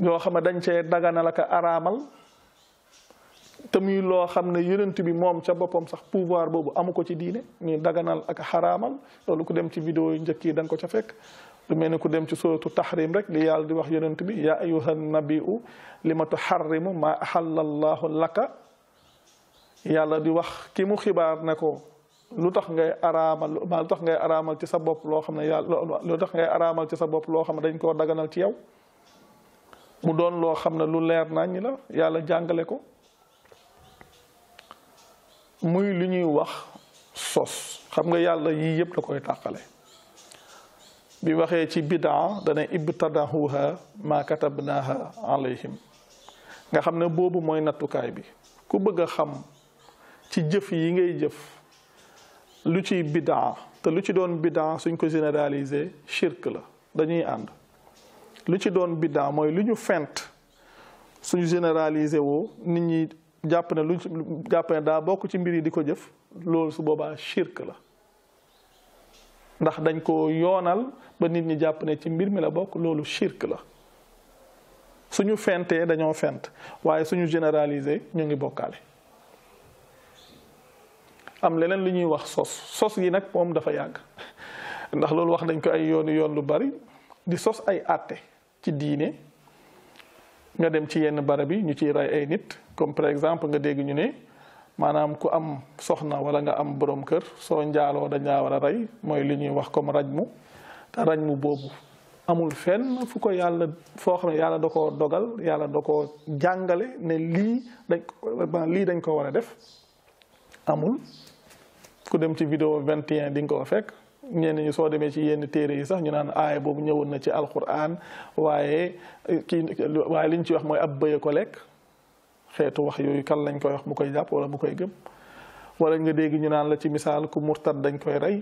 yoo xam ne dañ cee daganal ak araamal te muy loo xam ne yonent bi moom ca boppam sax pouvoir boobu amu ko ci diine muy daganal ak xaraamal loolu ku dem ci vidéo yu njëkk yi ko ca fekk lu mel ni ku dem ci suratu tahrim rek li yàlla di wax yonent bi yaa ayuha nabiu li ma tuharrimu maa ahalla allahu laka yàlla di wax ki mu xibaar ne ko lu tax ngay araamal tax ngay araamal ci sa bopp loo xam ne yàlla ci sa bopp loo xam ne dañ koo daganal ci yow mu doon loo xam ne lu leer nañ la yàlla jàngale ko muy li ñuy wax sos xam nga yàlla yii yëpp da koy tàqale bi waxee ci bidaa dana ibtadahuha ma katabnaha alayhim nga xam ne boobu mooy nattukaay bi ku bëgg a xam ci jëf yi ngay jëf lu ci bidaa te lu ci doon bidaa suñ ko généraliser shirk la dañuy ànd lu ci doon bidaa mooy lu ñu fent suñu généraliser woo nit ñi jàpp ne lu jàpp ne daa bokk ci mbir yi di ko jëf loolu su boobaa shirk la ndax dañ ko yoonal ba nit ñi jàpp ne ci mbir mi la bokk loolu shirk la su ñu fentee dañoo fent waaye suñu généraliser ñu ngi bokkaale am leneen li ñuy wax sos sos yi nag moom dafa yàgg ndax loolu wax dañ ko ay yoonu yoon lu bari di sos ay àtte ci diine nga dem ci yenn bara bi ñu ciy rey ay nit comme par exemple nga dégg ñu ne maanaam ku am soxna walla nga am boroom kër soo njaaloo dañ laa war a rey mooy li ñuy wax comme mu te mu boobu amul fenn fu ko yàlla foo xam ne yàlla da koo dogal yàlla da koo jàngale ne lii dañ lii dañ ko war a def amul ku dem ci vidéo 21 di nga ko fekk ñenn ñi soo demee ci yenn téere yi sax ñu naan aaya boobu ñëwoon na ci alquran waaye kii waaye li ñu ci wax mooy ab bëy ko lekk xeetu wax yooyu kan lañ koy wax mu koy jàpp wala mu koy gëm wala nga dégg ñu naan la ci misaal ku murtad dañ koy rey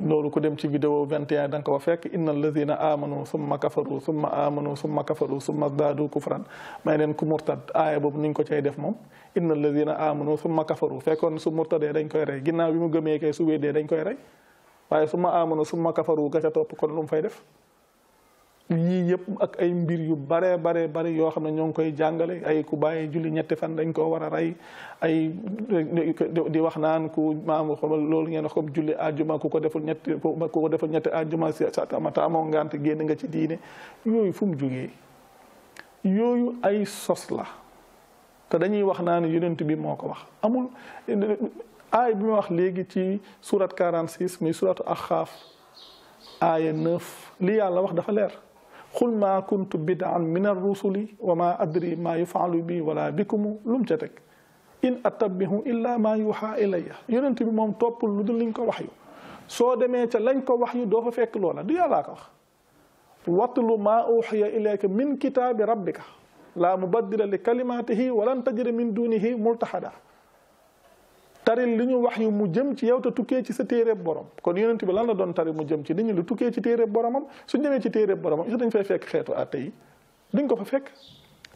loolu ku dem ci vidéo 21 da nga ko fekk inna alladina amanu summa kafaru summa amanu summa kafaru summa zaadu kufran may leen ku murtad aaya boobu ni ñu ko cay def moom inna alladina amanu summa kafaru fekkoon su murtadee dañ koy rey ginnaaw bi mu gëmee kay su wéedee dañ koy rey waaye summa amanu summa kafaru ga ca topp kon lu mu fay def yii yëpp ak ay mbir yu bare bare bari yoo xam ne ñoo ngi koy jàngale ay ku bàyyi julli ñetti fan dañ koo war a rey ay di wax naan ku maam xomal loolu ngeen wax julli àjjuma ku ko deful ñetti ku ko deful ñetti àjjuma si sa amoo ngante génn nga ci diine yooyu fu mu jógee ay sos la te dañuy wax naan yonent bi moo ko wax amul aay bi ma wax léegi ci surat 46 muy suratu Axaaf aaya 9 li yàlla wax dafa leer قل ما كنت بدعا من الرسل وما أدري ما يفعل بي ولا بكم لمجتك إن أتبه إلا ما يوحى إلي يونت بي موم توب لودو لينكو وحيو سو ديمي تا لانكو وحيو دوفا فيك لولا دي يالا كو واتلو ما أوحي إليك من كتاب ربك لا مبدل لكلماته ولن تجري من دونه ملتحدا taril li ñu wax yu mu jëm ci yow te tukkee ci sa téeréb borom kon yonent bi lan la doon tari mu jëm ci nit ñi lu tukkee ci téeréb boromam suñ demee ci téeréb boromam is dañ fay fekk xeetu àtte yi duñ ko fa fekk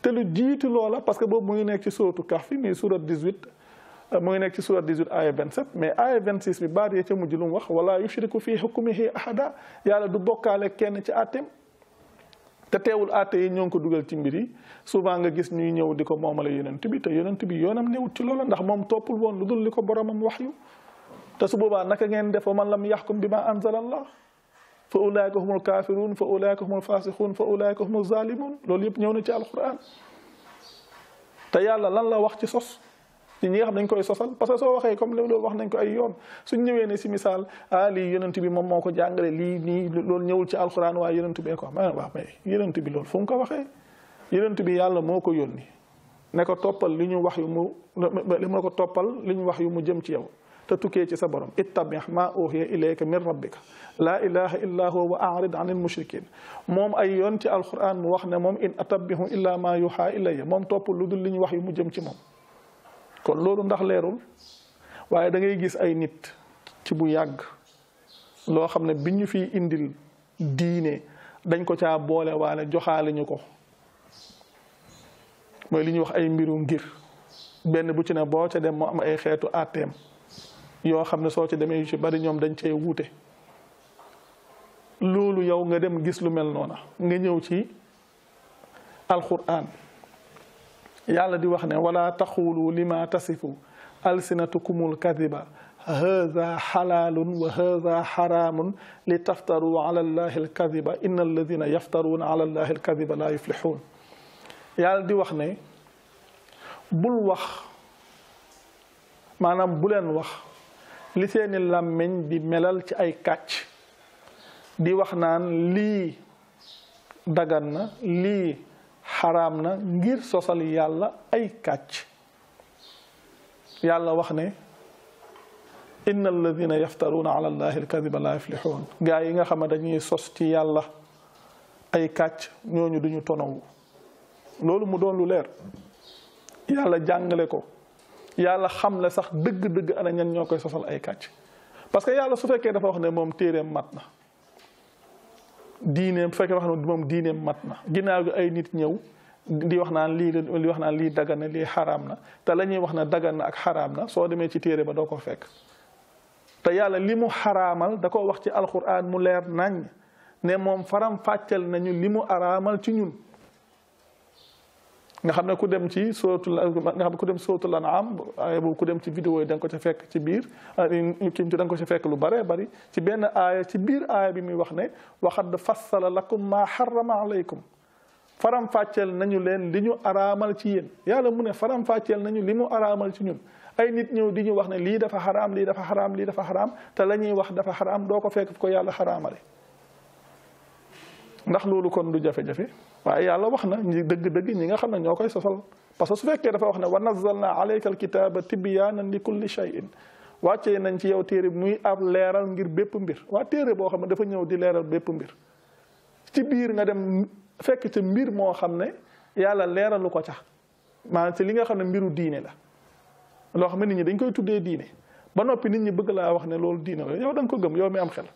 te lu jiitu loola parce que boobu mu ngi nekk ci suratu Kahf muy surat 18 euh, mu ngi nekk ci surat 18 mais aya 26 baat yee ca mujj lu mu wax wala yushriku fii hukmihi ahada yàlla du bokkaale kenn ci àtteem te teewul àtte yi ñoo ngi ko dugal ci mbir yi souvent nga gis ñuy ñëw di ko moomale bi te yonent bi yoonam newut ci loolu ndax moom toppul woon lu dul boromam wax yu te su boobaa naka ngeen def man lam yaxkum bi anzalallah fa ulaika humul kafirun fa ulaika humul fasixun fa ulaika humul zalimun loolu yëpp ñëw na ci alquran te yàlla lan la wax ci sos nit ñi nga xam dañ koy sosal parce que so waxe comme loolu wax nañ ko ay yoon su ñëwé ne ci misal ali yonent bi mom moko jàngale li ni loolu ñëwul ci alcorane wa yonent bi ko ma wax may yonent bi loolu fu mu ko waxee yonent bi yàlla moko ko yónni ne ko topal li ñu wax yu mu li ma ko toppal li ñu wax yu mu jëm ci yow te tuké ci sa borom ittabi ma uhiya ilayka min rabbika laa ilaha illa huwa wa arid anil mushrikin moom ay yoon ci alquran mu wax ne moom in attabihu illa ma yuha ilayya moom topp lu dul li ñu wax yu mu jëm ci moom kon loolu ndax leerul waaye dangay gis ay nit ci bu yàgg loo xam ne bi ñu fi indil diine dañ ko caa boole waale joxaale ñu ko mooy li ñuy wax ay mbirum ngir benn bu ci ne boo ca dem mu am ay xeetu atteem yoo xam ne soo ci demee ci bari ñoom dañ cee wuute loolu yow nga dem gis lu mel noona nga ñëw ci alxuraan يالا دي واخني ولا تقولوا لما تصفوا السنتكم الكذبه هذا حلال وهذا حرام لتفتروا على الله الكذب ان الذين يفترون على الله الكذب لا يفلحون يالا دي واخني بول واخ مانام بولن واخ لي سين لامين دي ملال سي اي كاتش دي واخ لي دغان لي xaram na ngir sosal yàlla ay kàcc yàlla wax ne inna alladina yaftaruuna ala allahi alkadiba la yuflixuun gaa yi nga xam ne dañuy sos ci yàlla ay kàcc ñooñu duñu tonowu loolu mu doon lu leer yàlla jàngale ko yàlla xam le sax dëgg-dëgg ana ñan ñoo koy sosal ay kàcc parce que yàlla su fekkee dafa wax ne moom téereem mat na diineem bu fekkee wax na moom diineem mat na ginnaaw gi ay nit ñëw di wax naan lii di wax naan lii dagan lii xaraam na te la ñuy wax ne dagan ak xaraam na soo demee ci téere ba doo ko fekk te yàlla li mu xaraamal da ko wax ci alquran mu leer nañ ne moom faram fàcceel nañu li mu araamal ci ñun nga xam ne ku dem ci suratul nga xam ne ku dem suratul an'am aaya boobu ku dem ci vidéo yi da nga ko ca fekk ci biir kim ci da ko ca fekk lu bare bari ci benn aaya ci biir aaya bi muy wax ne waxad fassala lakum maa harrama alaykum faram-fàcceel nañu leen li ñu araamal ci yéen yàlla mu ne faram-fàcceel nañu li mu araamal ci ñun ay nit ñëw di ñu wax ne lii dafa xaraam lii dafa xaraam lii dafa xaraam te la ñuy wax dafa xaraam doo ko fekk ko yàlla xaraamale ndax lolu kon du jafe-jafe waye yàlla waxna ni deug deug ñi nga xamna ñokay ñoo sosal parce que su fekke dafa wax ne wa nazzalna alayka alkitaba tibyanan likulli shay'in wacce nañ ci yow téré muy ab léral ngir bép mbir wa téré bo xamne dafa ñëw di léral bép mbir ci bir nga dem fekk ci mbir mo xamne ne yàlla leeralu ko ca maanaam ci li nga xamne mbiru diine la lo xamne nit ñi dañ koy tuddé diine ba nopi nit ñi bëgg la wax ne lolu diine la yow da ko gëm yow mi am xel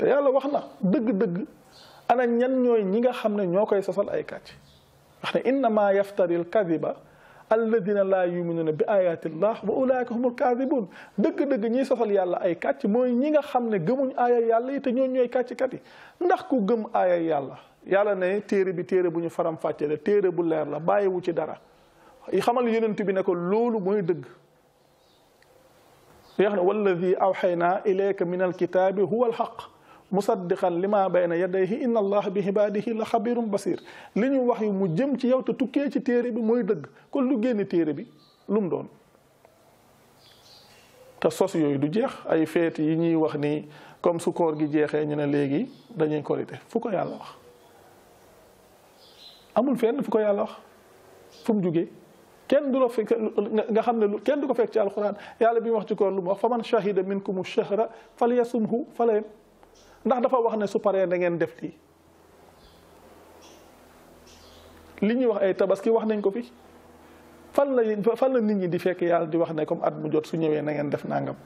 te yàlla waxna deug deug ana ñan ñoy ñi nga xamne ñokay ñoo sosal ay kàcc wax inna ma yaftari al kadiba alladina la yu'minuna bi ayati ayatillah wa ulaika humul kadhibun deug deug ñi sosal yàlla ay kàcc moy ñi nga xamne ne gëmuñ aaya yàlla te ñoo ñoy ñooy kàcc-kat yi ndax ku gëm aya yàlla yàlla ne téré bi téré buñu faram fàcce la téré bu leer la bayé wu ci dara yi xamal yonent bi ne ko lolu moy deug yoo xam ne walladi awxaynaa ilayka min alkitaabi مصدقا لما بين يديه ان الله بعباده لخبير بصير لي نيو مو جيم سي ياو توكي سي تيري بي موي دغ كول لو ген تيري بي لوم دون تا سوس يوي دو جيخ اي فيت يي ني واخ ني كوم سو كور جي جيخه ني نا ليغي دا ني كوريتي فوكو يالا واخ امول فين فوكو يالا واخ فوم جوغي كين دولو فيك غا خامل لو كين دوكو فيك سي القران يالا بي واخ سي كور لوم واخ فمن شهد منكم الشهر فليصمه فليم ndax dafa wax ne su paree da ngeen def lii li ñuy wax ay tabaski wax nañ ko fi fan la fan la nit ñi di fekk yàlla di wax ne comme at mu jot su ñëwee na ngeen def nangam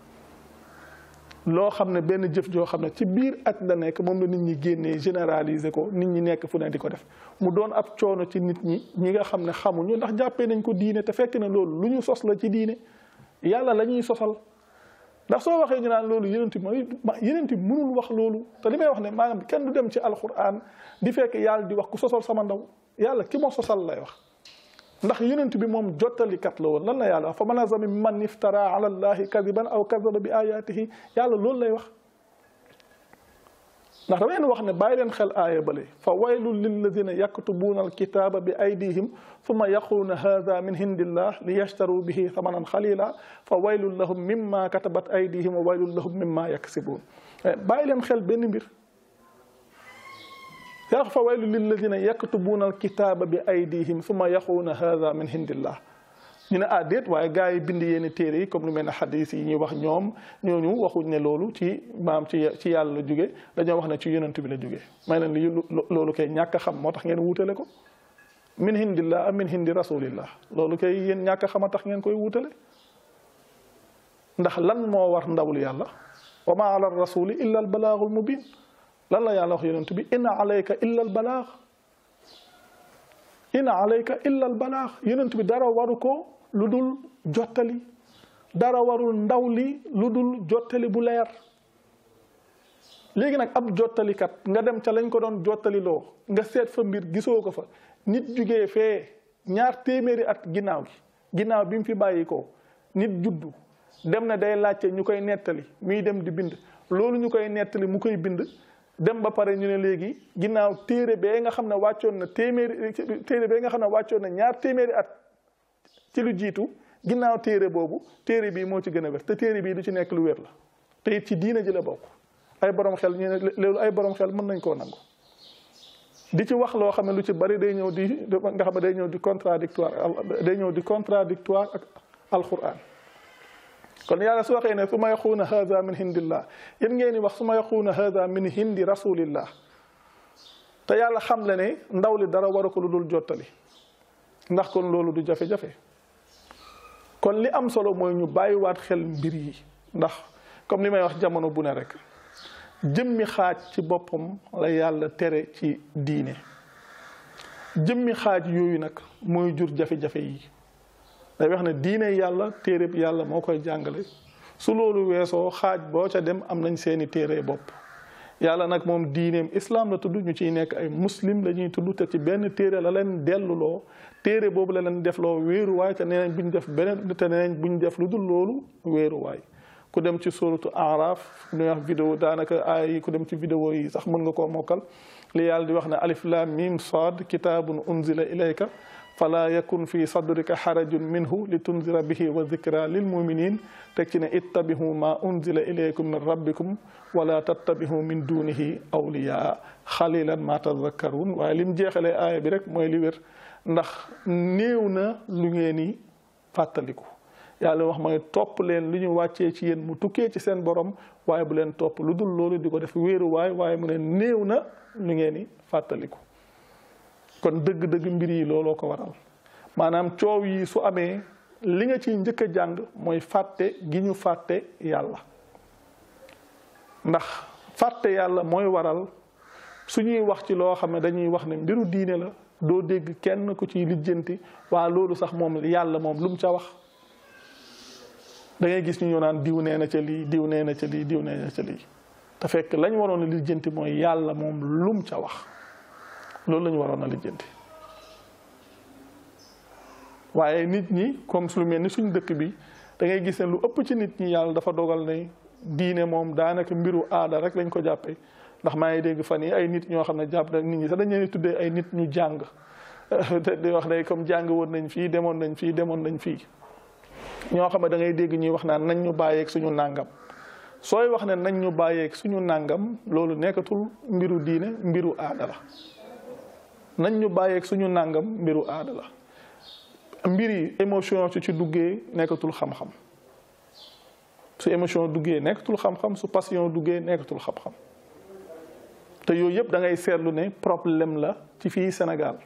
loo xam ne benn jëf joo xam ne ci biir at la nekk moom la nit ñi génnee généraliser ko nit ñi nekk fu ne di ko def mu doon ab coono ci nit ñi ñi nga xam ne xamuñu ndax jàppee nañ ko diine te fekk na loolu lu ñu sos la ci diine yàlla la sosal. ndax soo waxee ñu naan loolu yenent mooy yenent mënul wax loolu te li may wax ne maanaam kenn du dem ci alquran di fekk yàlla di wax ku sosal sama ndaw yàlla ki ma sosal lay wax ndax yenent bi moom jottalikat la woon lan la yàlla wax fa man azlamu mimman iftara ala allahi kadiban aw kadaba bi ayatihi yàlla loolu lay wax ndax dama leen wax ne bàyyi leen xel aaya bale fa waylu lilladina yaktubuuna alkitaba bi aydihim summa yaquluuna hada min hindillah li yashtaru bihi thamanan xalila fa waylun lahum mimma katabat aydihim wa waylun lahum mimma yaksibuun bàyyi leen xel benn mbir yaa fa waylu lilladina yaktubuuna alkitaba bi aydihim summa yaquluuna hada min hindillah ñu na adet déet gaay bind yene téré yi comme lu mel hadith yi ñuy wax ñom ñoom ñooñu waxuñ ne lolu ci maam ci ci yàlla juggé jóge dañoo wax ne ci yonent bi la juggé may leen lolu kay ñaka xam motax ngeen wutalé ko min hindillah am min hindi rasulillah lolu kay yéen ñaka xam a tax ngeen koy wutalé ndax lan mo war ndawul yàlla wa ma ala rasul illa al balagh al mubin lan la yàlla wax yonent bi inna alayka illa al balagh in alayka illa al balaag yonent bi dara waru lu dul jottali dara warul ndaw li lu dul jottali bu leer léegi nag ab jottalikat nga dem ca lañ ko doon jottaliloo nga seet fa mbir gisoo ko fa nit jugee fee ñaar téeméeri at ginnaaw gi ginnaaw bi mu fi bàyyi ko nit juddu dem na day laajte ñu koy nettali muy dem di bind loolu ñu koy nettali mu koy bind dem ba pare ñu ne léegi ginnaaw téere bee nga xam ne wàccoon na téeméeri téere bee nga xam ne wàccoon na ñaar téeméeri at ci lu jiitu ginnaaw téere boobu téere bii moo ci gën a wér te téere bii du ci nekk lu wér la te it ci diina ji la bokk ay borom xel ñu loolu ay borom xel mën nañ koo nangu. di ci wax loo xam ne lu ci bari day ñëw di nga xam ne day ñëw di contradictoire day ñëw di contradictoire ak alquran kon yàlla su waxee ne su ma yaxuuna haza min hindillah yéen ngeen di wax su ma yaxuuna haza min hindi rasulillah te yàlla xam le ne ndaw li dara waru ko lu dul jottali ndax kon loolu du jafe kon li am solo moy ñu bayyi waat xel mbir yi ndax comme li may wax jamono bu ne rek jëmmi xaj ci bopam la yàlla tere ci diine jëmmi xaj yoyu nak moy jur jafe-jafe yi day wax ne diine yàlla téereb yàlla mo koy jàngale su lolu wéso xaj bo ca dem am nañ seeni téré bop yàlla nak mom diineem islam la tuddu ñu ci nekk ay muslim lañuy tuddu te ci benn téré la leen lo téré bobu la leen def lo wéru way te nénañ buñ bu ñu def beneen te nénañ buñ def lu dul wéru way ku dem ci suratu araf ñu wax vidéo danaka ay ku dem ci vidéo yi sax mën nga ko mokal li yàlla di wax na alif lam mim sad kitabun unzila ilayka fala yakun fi sadrika xarajun minhu li tunzira bihi wa zikra lil muminin teg ci ne ittabihu ma unzila ilaykum min rabbikum wala tattabihu min dunihi awliya xalilan ma tazakkarun waaye lim jeexalee aaya bi rek ndax néew na lu ngeen i fàttaliku yàlla wax ma topp leen lu ñu wàccee ci yéen mu tukkee ci seen borom waaye bu leen topp lu dul loolu di ko def wéeruwaay waaye mu ne néew na lu ngeen i fàttaliku kon dëgg mbir yi looloo ko waral maanaam coow yi su amee li nga ciy njëkk a jàng mooy fàtte gi fàtte yàlla ndax fàtte yàlla mooy waral su ñuy wax ci loo xam ne dañuy wax ne mbiru diine la doo dégg kenn ku ciy lijjanti waa loolu sax moom yàlla moom lu mu ca wax dangay ngay gis ñu ñoo naan diw nee na ca lii diw nee na ca lii diw nee na ca lii te fekk lañ waroon a lijjanti mooy yàlla moom lum ca wax loolu lañ waroon a lijjanti waaye nit ñi comme lu mel ni suñ dëkk bi da gis ne lu ëpp ci nit ñi yàlla dafa dogal ne diine moom daanaka mbiru aada rek lañ ko jàppee ndax maa ngi dégg fan yi ay nit ñoo xam ne jàpp na nit ñi sax dañ leen tuddee ay nit ñu jàng di wax day comme jàng woon nañ fii demoon nañ fii demoon nañ fii ñoo xam ne da ngay dégg ñuy wax naan nañ ñu bàyyeeg suñu nàngam sooy wax ne nañ ñu bàyyeeg suñu nàngam loolu nekkatul mbiru diine mbiru aada la nañ ñu bàyyeeg suñu nàngam mbiru aada la mbir yi émotion ci ci duggee nekkatul xam-xam su émotion duggee nekkatul xam-xam su passion duggee nekkatul xam-xam te yooyu yëpp dangay seetlu ne problème la ci fii Sénégal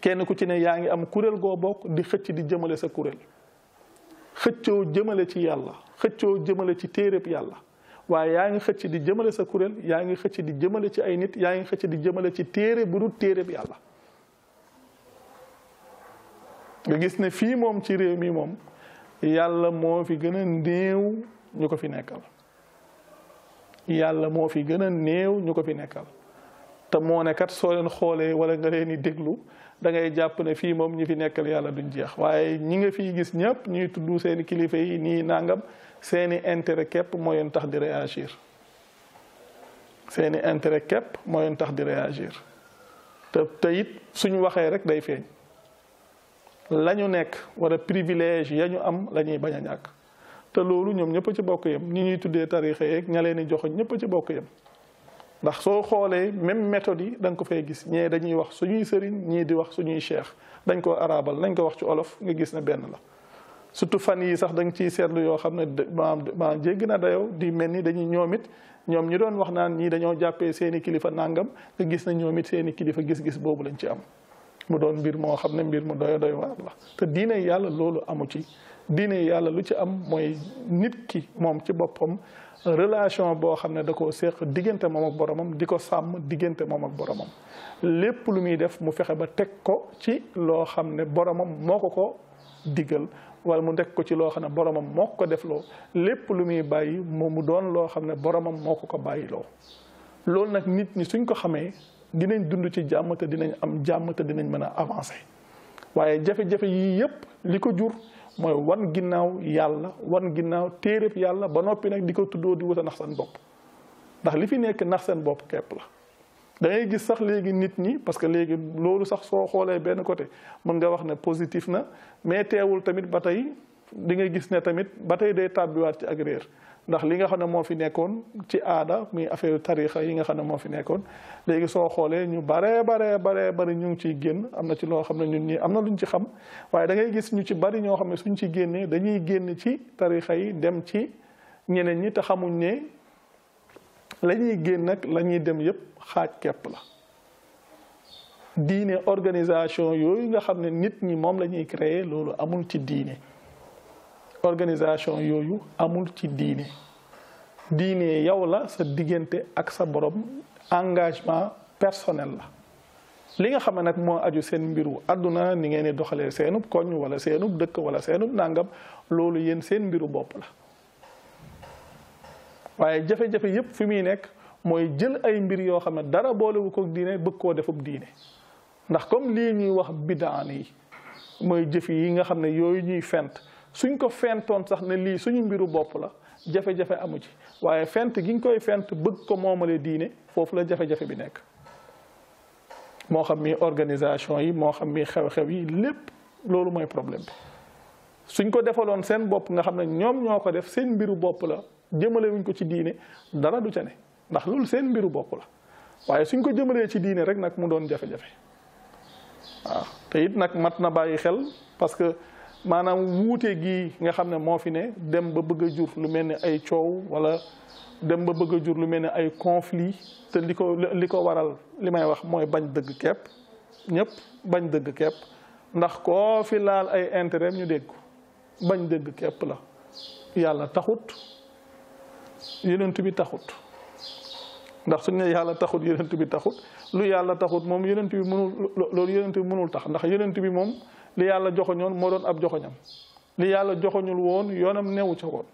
kenn ku ci ne yaa ngi am kuréel goo bokk di xëcc di jëmale sa kuréel xëccoo jëmale ci yàlla xëccoo jëmale ci téereb yàlla waaye yaa ngi xëcc di jëmale sa kuréel yaa ngi xëcc di jëmale ci ay nit yaa ngi xëcc di jëmale ci téere bu dul téereb yàlla nga gis ne fii moom ci réew mi moom yàlla moo fi gën a néew ñu ko fi nekkal yàlla moo fi gën a néew ñu ko fi nekkal te moo ne kat soo leen xoolee wala nga leen déglu da ngay jàpp ne fii moom ñi fi nekkal yàlla duñ jeex waaye ñi nga fi gis ñëpp ñuy tudd seeni kilifa yi nii nangam seeni intérêt képp moo yoon tax di réagir seeni intérêt képp moo yoon tax di réagir te te it suñu waxee rek day feeñ la ñu nekk wala privilège ya ñu am lañuy ñuy bañ a ñàkk. te loolu ñoom ñëpp ci bokk yem ñu ñuy tuddee tarixa yeeg ña leen di joxoñ ñëpp ci bokk yem ndax soo xoolee même méthode yi da nga ko fee gis ñee dañuy wax suñuy sëriñ ñii di wax suñuy cheikh dañ ko arabal nañ ko wax ci olof nga gis ne benn la surtout fan yi sax da nga ciy seetlu yoo xam ne maam maam jégg na dayoo di mel ni dañuy ñoom it ñoom ñi doon wax naan ñii dañoo jàppee seeni kilifa nàngam nga gis na ñoom it seeni kilifa gis-gis boobu lañ ci am mu doon mbir moo xam ne mbir mu doyo loolu amu ci diine yi yàlla lu ci am mooy nit ki moom ci boppam relation boo xam ne da koo séq diggante moom ak boromam di ko sàmm diggante moom ak boromam lépp lu muy def mu fexe ba teg ko ci loo xam ne boromam moo ko ko diggal wala mu nekk ko ci loo xam ne boromam moo ko defloo lépp lu bàyyi moom mu doon loo xam ne boromam moo ko ko bàyyiloo loolu nag nit ñi suñ ko xamee dinañ dund ci jàmm te dinañ am jàmm te dinañ mën a avancer waaye jafe-jafe yii yëpp li ko jur mooy wan ginnaaw yàlla wan ginnaaw téereb yàlla ba noppi nag di ko tuddoo di wut a seen bopp ndax li fi nekk nax seen bopp kepp la da gis sax léegi nit ñi parce que léegi loolu sax soo xoolee benn côté mën nga wax ne positif na mais teewul tamit ba tey di nga gis ne tamit ba tey day tàbbiwaat ci ak réer ndax li nga xam ne moo fi nekkoon ci aada muy affaire tarixa yi nga xam ne moo fi nekkoon léegi soo xoolee ñu baree baree baree bari ñu ngi ciy génn am na ci loo xam ne ñu nii am na luñ ci xam waaye da ngay gis ñu ci bari ñoo xam ne suñ ci génnee dañuy génn ci tarixa yi dem ci ñeneen ñi te xamuñ ne lañuy génn nag lañuy dem yépp xaaj kepp la diine organisation yooyu nga xam ne nit ñi moom la ñuy créer loolu amul ci diine organisation yoyu amul ci diine diine yow la sa diggante ak sa borom engagement personnel la li nga xamé nak mo aju sen mbiru aduna ni ngeen di doxale seenub koñ wala seenub dëkk wala seenub nàngam lolu yéen sen mbiru bop la waye jafe-jafe yépp fi muy nekk jël ay mbir yo xam dara boolewu ko diine bëgg koo defub diine ndax comme li ñuy wax bid'ani moy jëf yi nga xamné yoy ñuy fent suñ ko fentoon sax ne lii suñu mbiru bopp la jafe amu ci waaye fent gi koy fent bëgg ko moomale diine foofu la jafe bi nekk moo xam mi organisation yi moo xam mi xew yi lépp loolu mooy problème bi suñ ko defaloon seen bopp nga xam ne ñoom ñoo ko def seen mbiru bopp la jëmale wuñ ko ci diine dara du ca ne ndax loolu seen mbiru bopp la waaye suñ ko jëmalee ci diine rek nag mu doon jafe-jafe waaw te nag mat na bàyyi xel maanaam wuute gi nga xam ne moo fi ne dem ba bëgg a jur lu mel ni ay coow wala dem ba bëgg a jur lu mel ni ay conflit te li ko li ko waral li may wax mooy bañ dëgg kepp ñëpp bañ dëgg kepp ndax koo fi laal ay intérêt ñu dégg bañ dëgg kepp la yàlla taxut yonent bi taxut ndax suñ ne yàlla taxut yonent bi taxut lu yàlla taxut moom yonent bi mënul loolu yonent bi mënul tax ndax yonent bi moom li yàlla joxoñoon moo doon ab joxoñam li yàlla joxoñul woon yoonam newu ca woon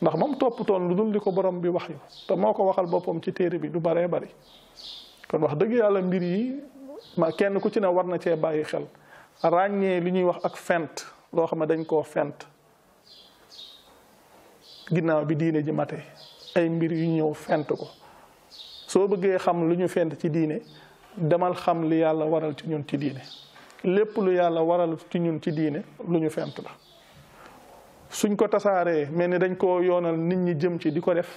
ndax moom toppatoon lu dul li ko borom bi wax yu te moo ko waxal boppam ci téere bi du baree bari kon wax dëgg yàlla mbir yi ma kenn ku ci ne war na cee bàyyi xel ràññee li ñuy wax ak fent loo xam ne dañ koo fent ginnaaw bi diine ji tey ay mbir yu ñëw fent ko soo bëggee xam lu ñu fent ci diine demal xam li yàlla waral ci ñun ci diine lépp lu yàlla waral ci ñun ci diine lu ñu fent la suñ ko tasaaree mel ni dañ koo yoonal nit ñi jëm ci di ko def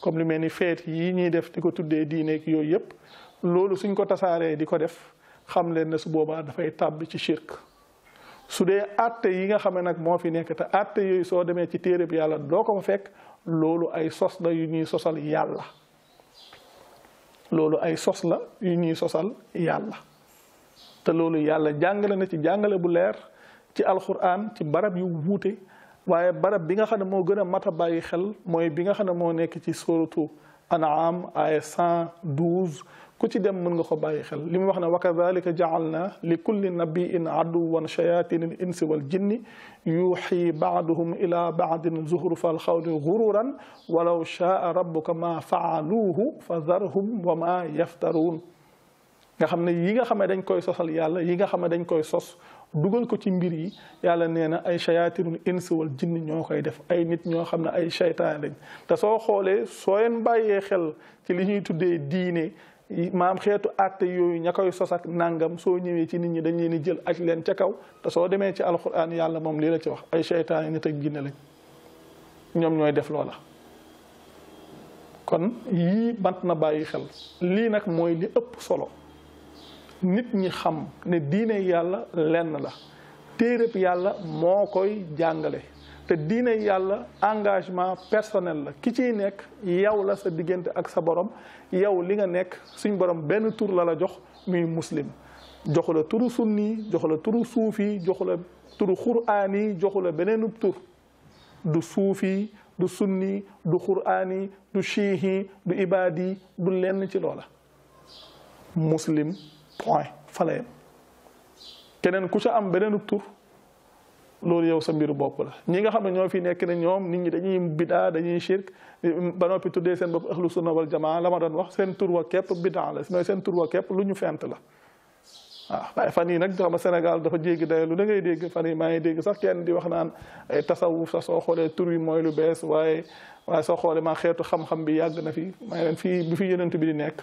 comme lu mel ni feet yi ñuy def di ko tuddee diineek yooyu yëpp loolu suñ ko tasaaree di ko def xam leen ne su boobaa dafay tàbb ci shirk su dee àtte yi nga xam ne nag moo fi nekk te àtte yooyu soo demee ci téere bi yàlla doo ko fekk loolu ay sos la yu ñuy sosal yàlla loolu ay sos la yu ñuy sosal yàlla te loolu yàlla jàngale na ci jàngale bu leer ci alxuraan ci barab yu wuute waaye barab bi nga xam ne moo gën a mat a bàyyi xel mooy bi nga xam ne moo nekk ci suratu anaam ay cent douze ku ci dem mën nga ko bàyyi xel li mu wax ne wa kadalika jaalna li kulli nabiin aduwan shayatin al insi wal jinni yuuxi baaduhum ila baadin zuhrufa alxawli gururan walaw shaa rabbuka ma faaluuhu fa darhum wa ma yaftaruun nga xam ne yi nga xam ne dañ koy sosal yàlla yi nga xam ne dañ koy sos dugal ko ci mbir yi yàlla nee na ay shayatinul ins wal jinn ñoo koy def ay nit ñoo xam ne ay shaytaan lañ te soo xoolee soo leen bàyyee xel ci li ñuy tuddee diine maam xeetu àtte yooyu ña koy sos ak nangam soo ñëwee ci nit ñi dañ leen jël ak leen ca kaw te soo demee ci alquran yàlla moom lii la ci wax ay shaytaan yi nit ak jinne lañ ñoom ñooy def loola. kon yii bant na bàyyi xel lii nag mooy li ëpp solo. nit ñi xam ne diine yàlla lenn la téereb yàlla moo koy jàngale te diine yàlla engagement personnel la ki ciy nekk yow la sa diggante ak sa borom yow li nga nekk suñ borom benn tur la la jox muy muslim joxu la turu sunni joxu la turu suufi joxu la turu xuraani joxu la beneen tur du suufi du sunni du xuraani du chiihi du ibaadi du lenn ci loola muslim point fa keneen ku ca am beneen tur loolu yow sa mbiru bopp la ñi nga xam ne ñoo fi nekk ne ñoom nit ñi dañuy bidaa dañuy shirk ba noppi tuddee seen bopp lu su wal jamaa la ma doon wax seen tur wa képp bidaa la may seen tur wa képp lu ñu fent la waaw waaye fan yii nag xam ma Sénégal dafa jéggi daye lu da dégg fan yi maa ngi dégg sax kenn di wax naan ay tasawuf sax soo xoolee tur wi mooy lu bees waaye waaye soo xoolee maa xeetu xam-xam bi yàgg na fi may leen fii bi fi yenent bi di nekk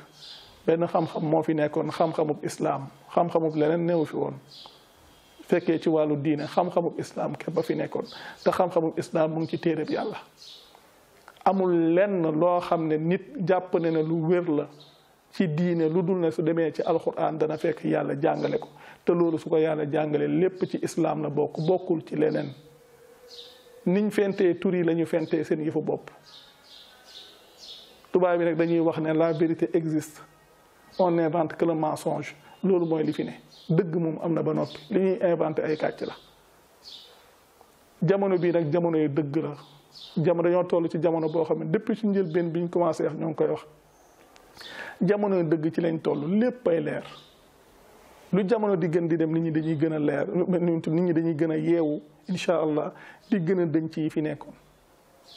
benn xam-xam moo fi nekkoon xam-xamub islaam xam-xamub leneen néew fi woon fekkee ci wàllu diine xam-xamub islaam képp ba fi nekkoon te xam-xamub islaam mu ngi ci téereb yàlla amul lenn loo xam ne nit jàpp ne ne lu wér la ci diine lu dul ne su demee ci alxuraan dana fekk yàlla jàngale ko te loolu su ko yàlla jàngale lépp ci islaam la bokk bokkul ci leneen niñ fentee tur yi la ñu fentee seen yëfu bopp tubaab bi nag dañuy wax ne la vérité existe on n'invente que le mensonge loolu mooy li fi ne dëgg moom am na ba noppi li ñuy inventé ay kàcc la jamono bii nag jamono yi dëgg la jamono yoo toll ci jamono boo xam ne depuis ci njëlbeen bi ñu commencé wax ñoo ngi koy wax jamono dëgg ci lañ toll lépp ay leer lu jamono di gën di dem nit ñi dañuy gën a leer nit ñi dañuy gën a yeewu incha allah di gën a dënc yi fi nekkoon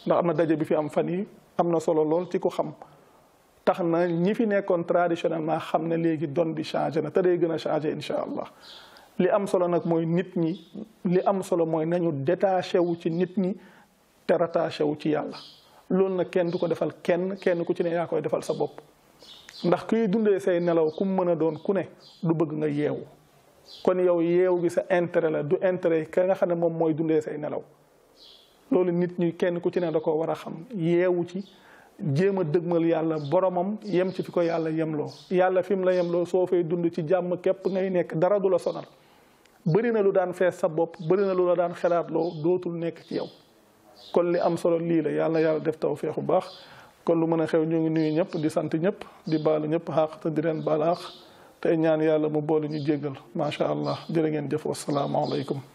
ndax am na daje bi fi am fan yi am na solo lool ci ko xam taxna ñi fi nekkon traditionnellement xamna legi don bi changer na te day gën a changé li am solo nak moy nit ñi li am solo moy nañu détacher wu ci nit ñi te rattaché wu ci yàlla lool nak kenn duko defal kenn kenn ku ci ne yaa koy defal sa bop ndax kuy dundé say nelaw ku mëna a doon ku ne du bëgg nga yewu kon yow yewu gi sa intérêt la du intérêt ka nga xamne mom moy dundé say nelaw loolu nit ñi kenn ku ci ne da ko wara xam yewu ci jéem a dëgmal yàlla boromam yem ci fi ko yàlla yemloo yàlla fi mu la yemloo soo fay dund ci jàmm képp ngay nekk dara du la sonal bëri na lu daan fees sa bopp bëri na lu la daan xelaatloo dootul nekk ci yow kon li am solo lii la yàlla yàlla def taw feexu baax kon lu mën a xew ñoo ngi nuyu ñëpp di sant ñëpp di baalu ñëpp xaq te di leen baal xaq tey ñaan yàlla mu boole ñu jéggal macha allah jërë ngeen jëf wasalaamaaleykum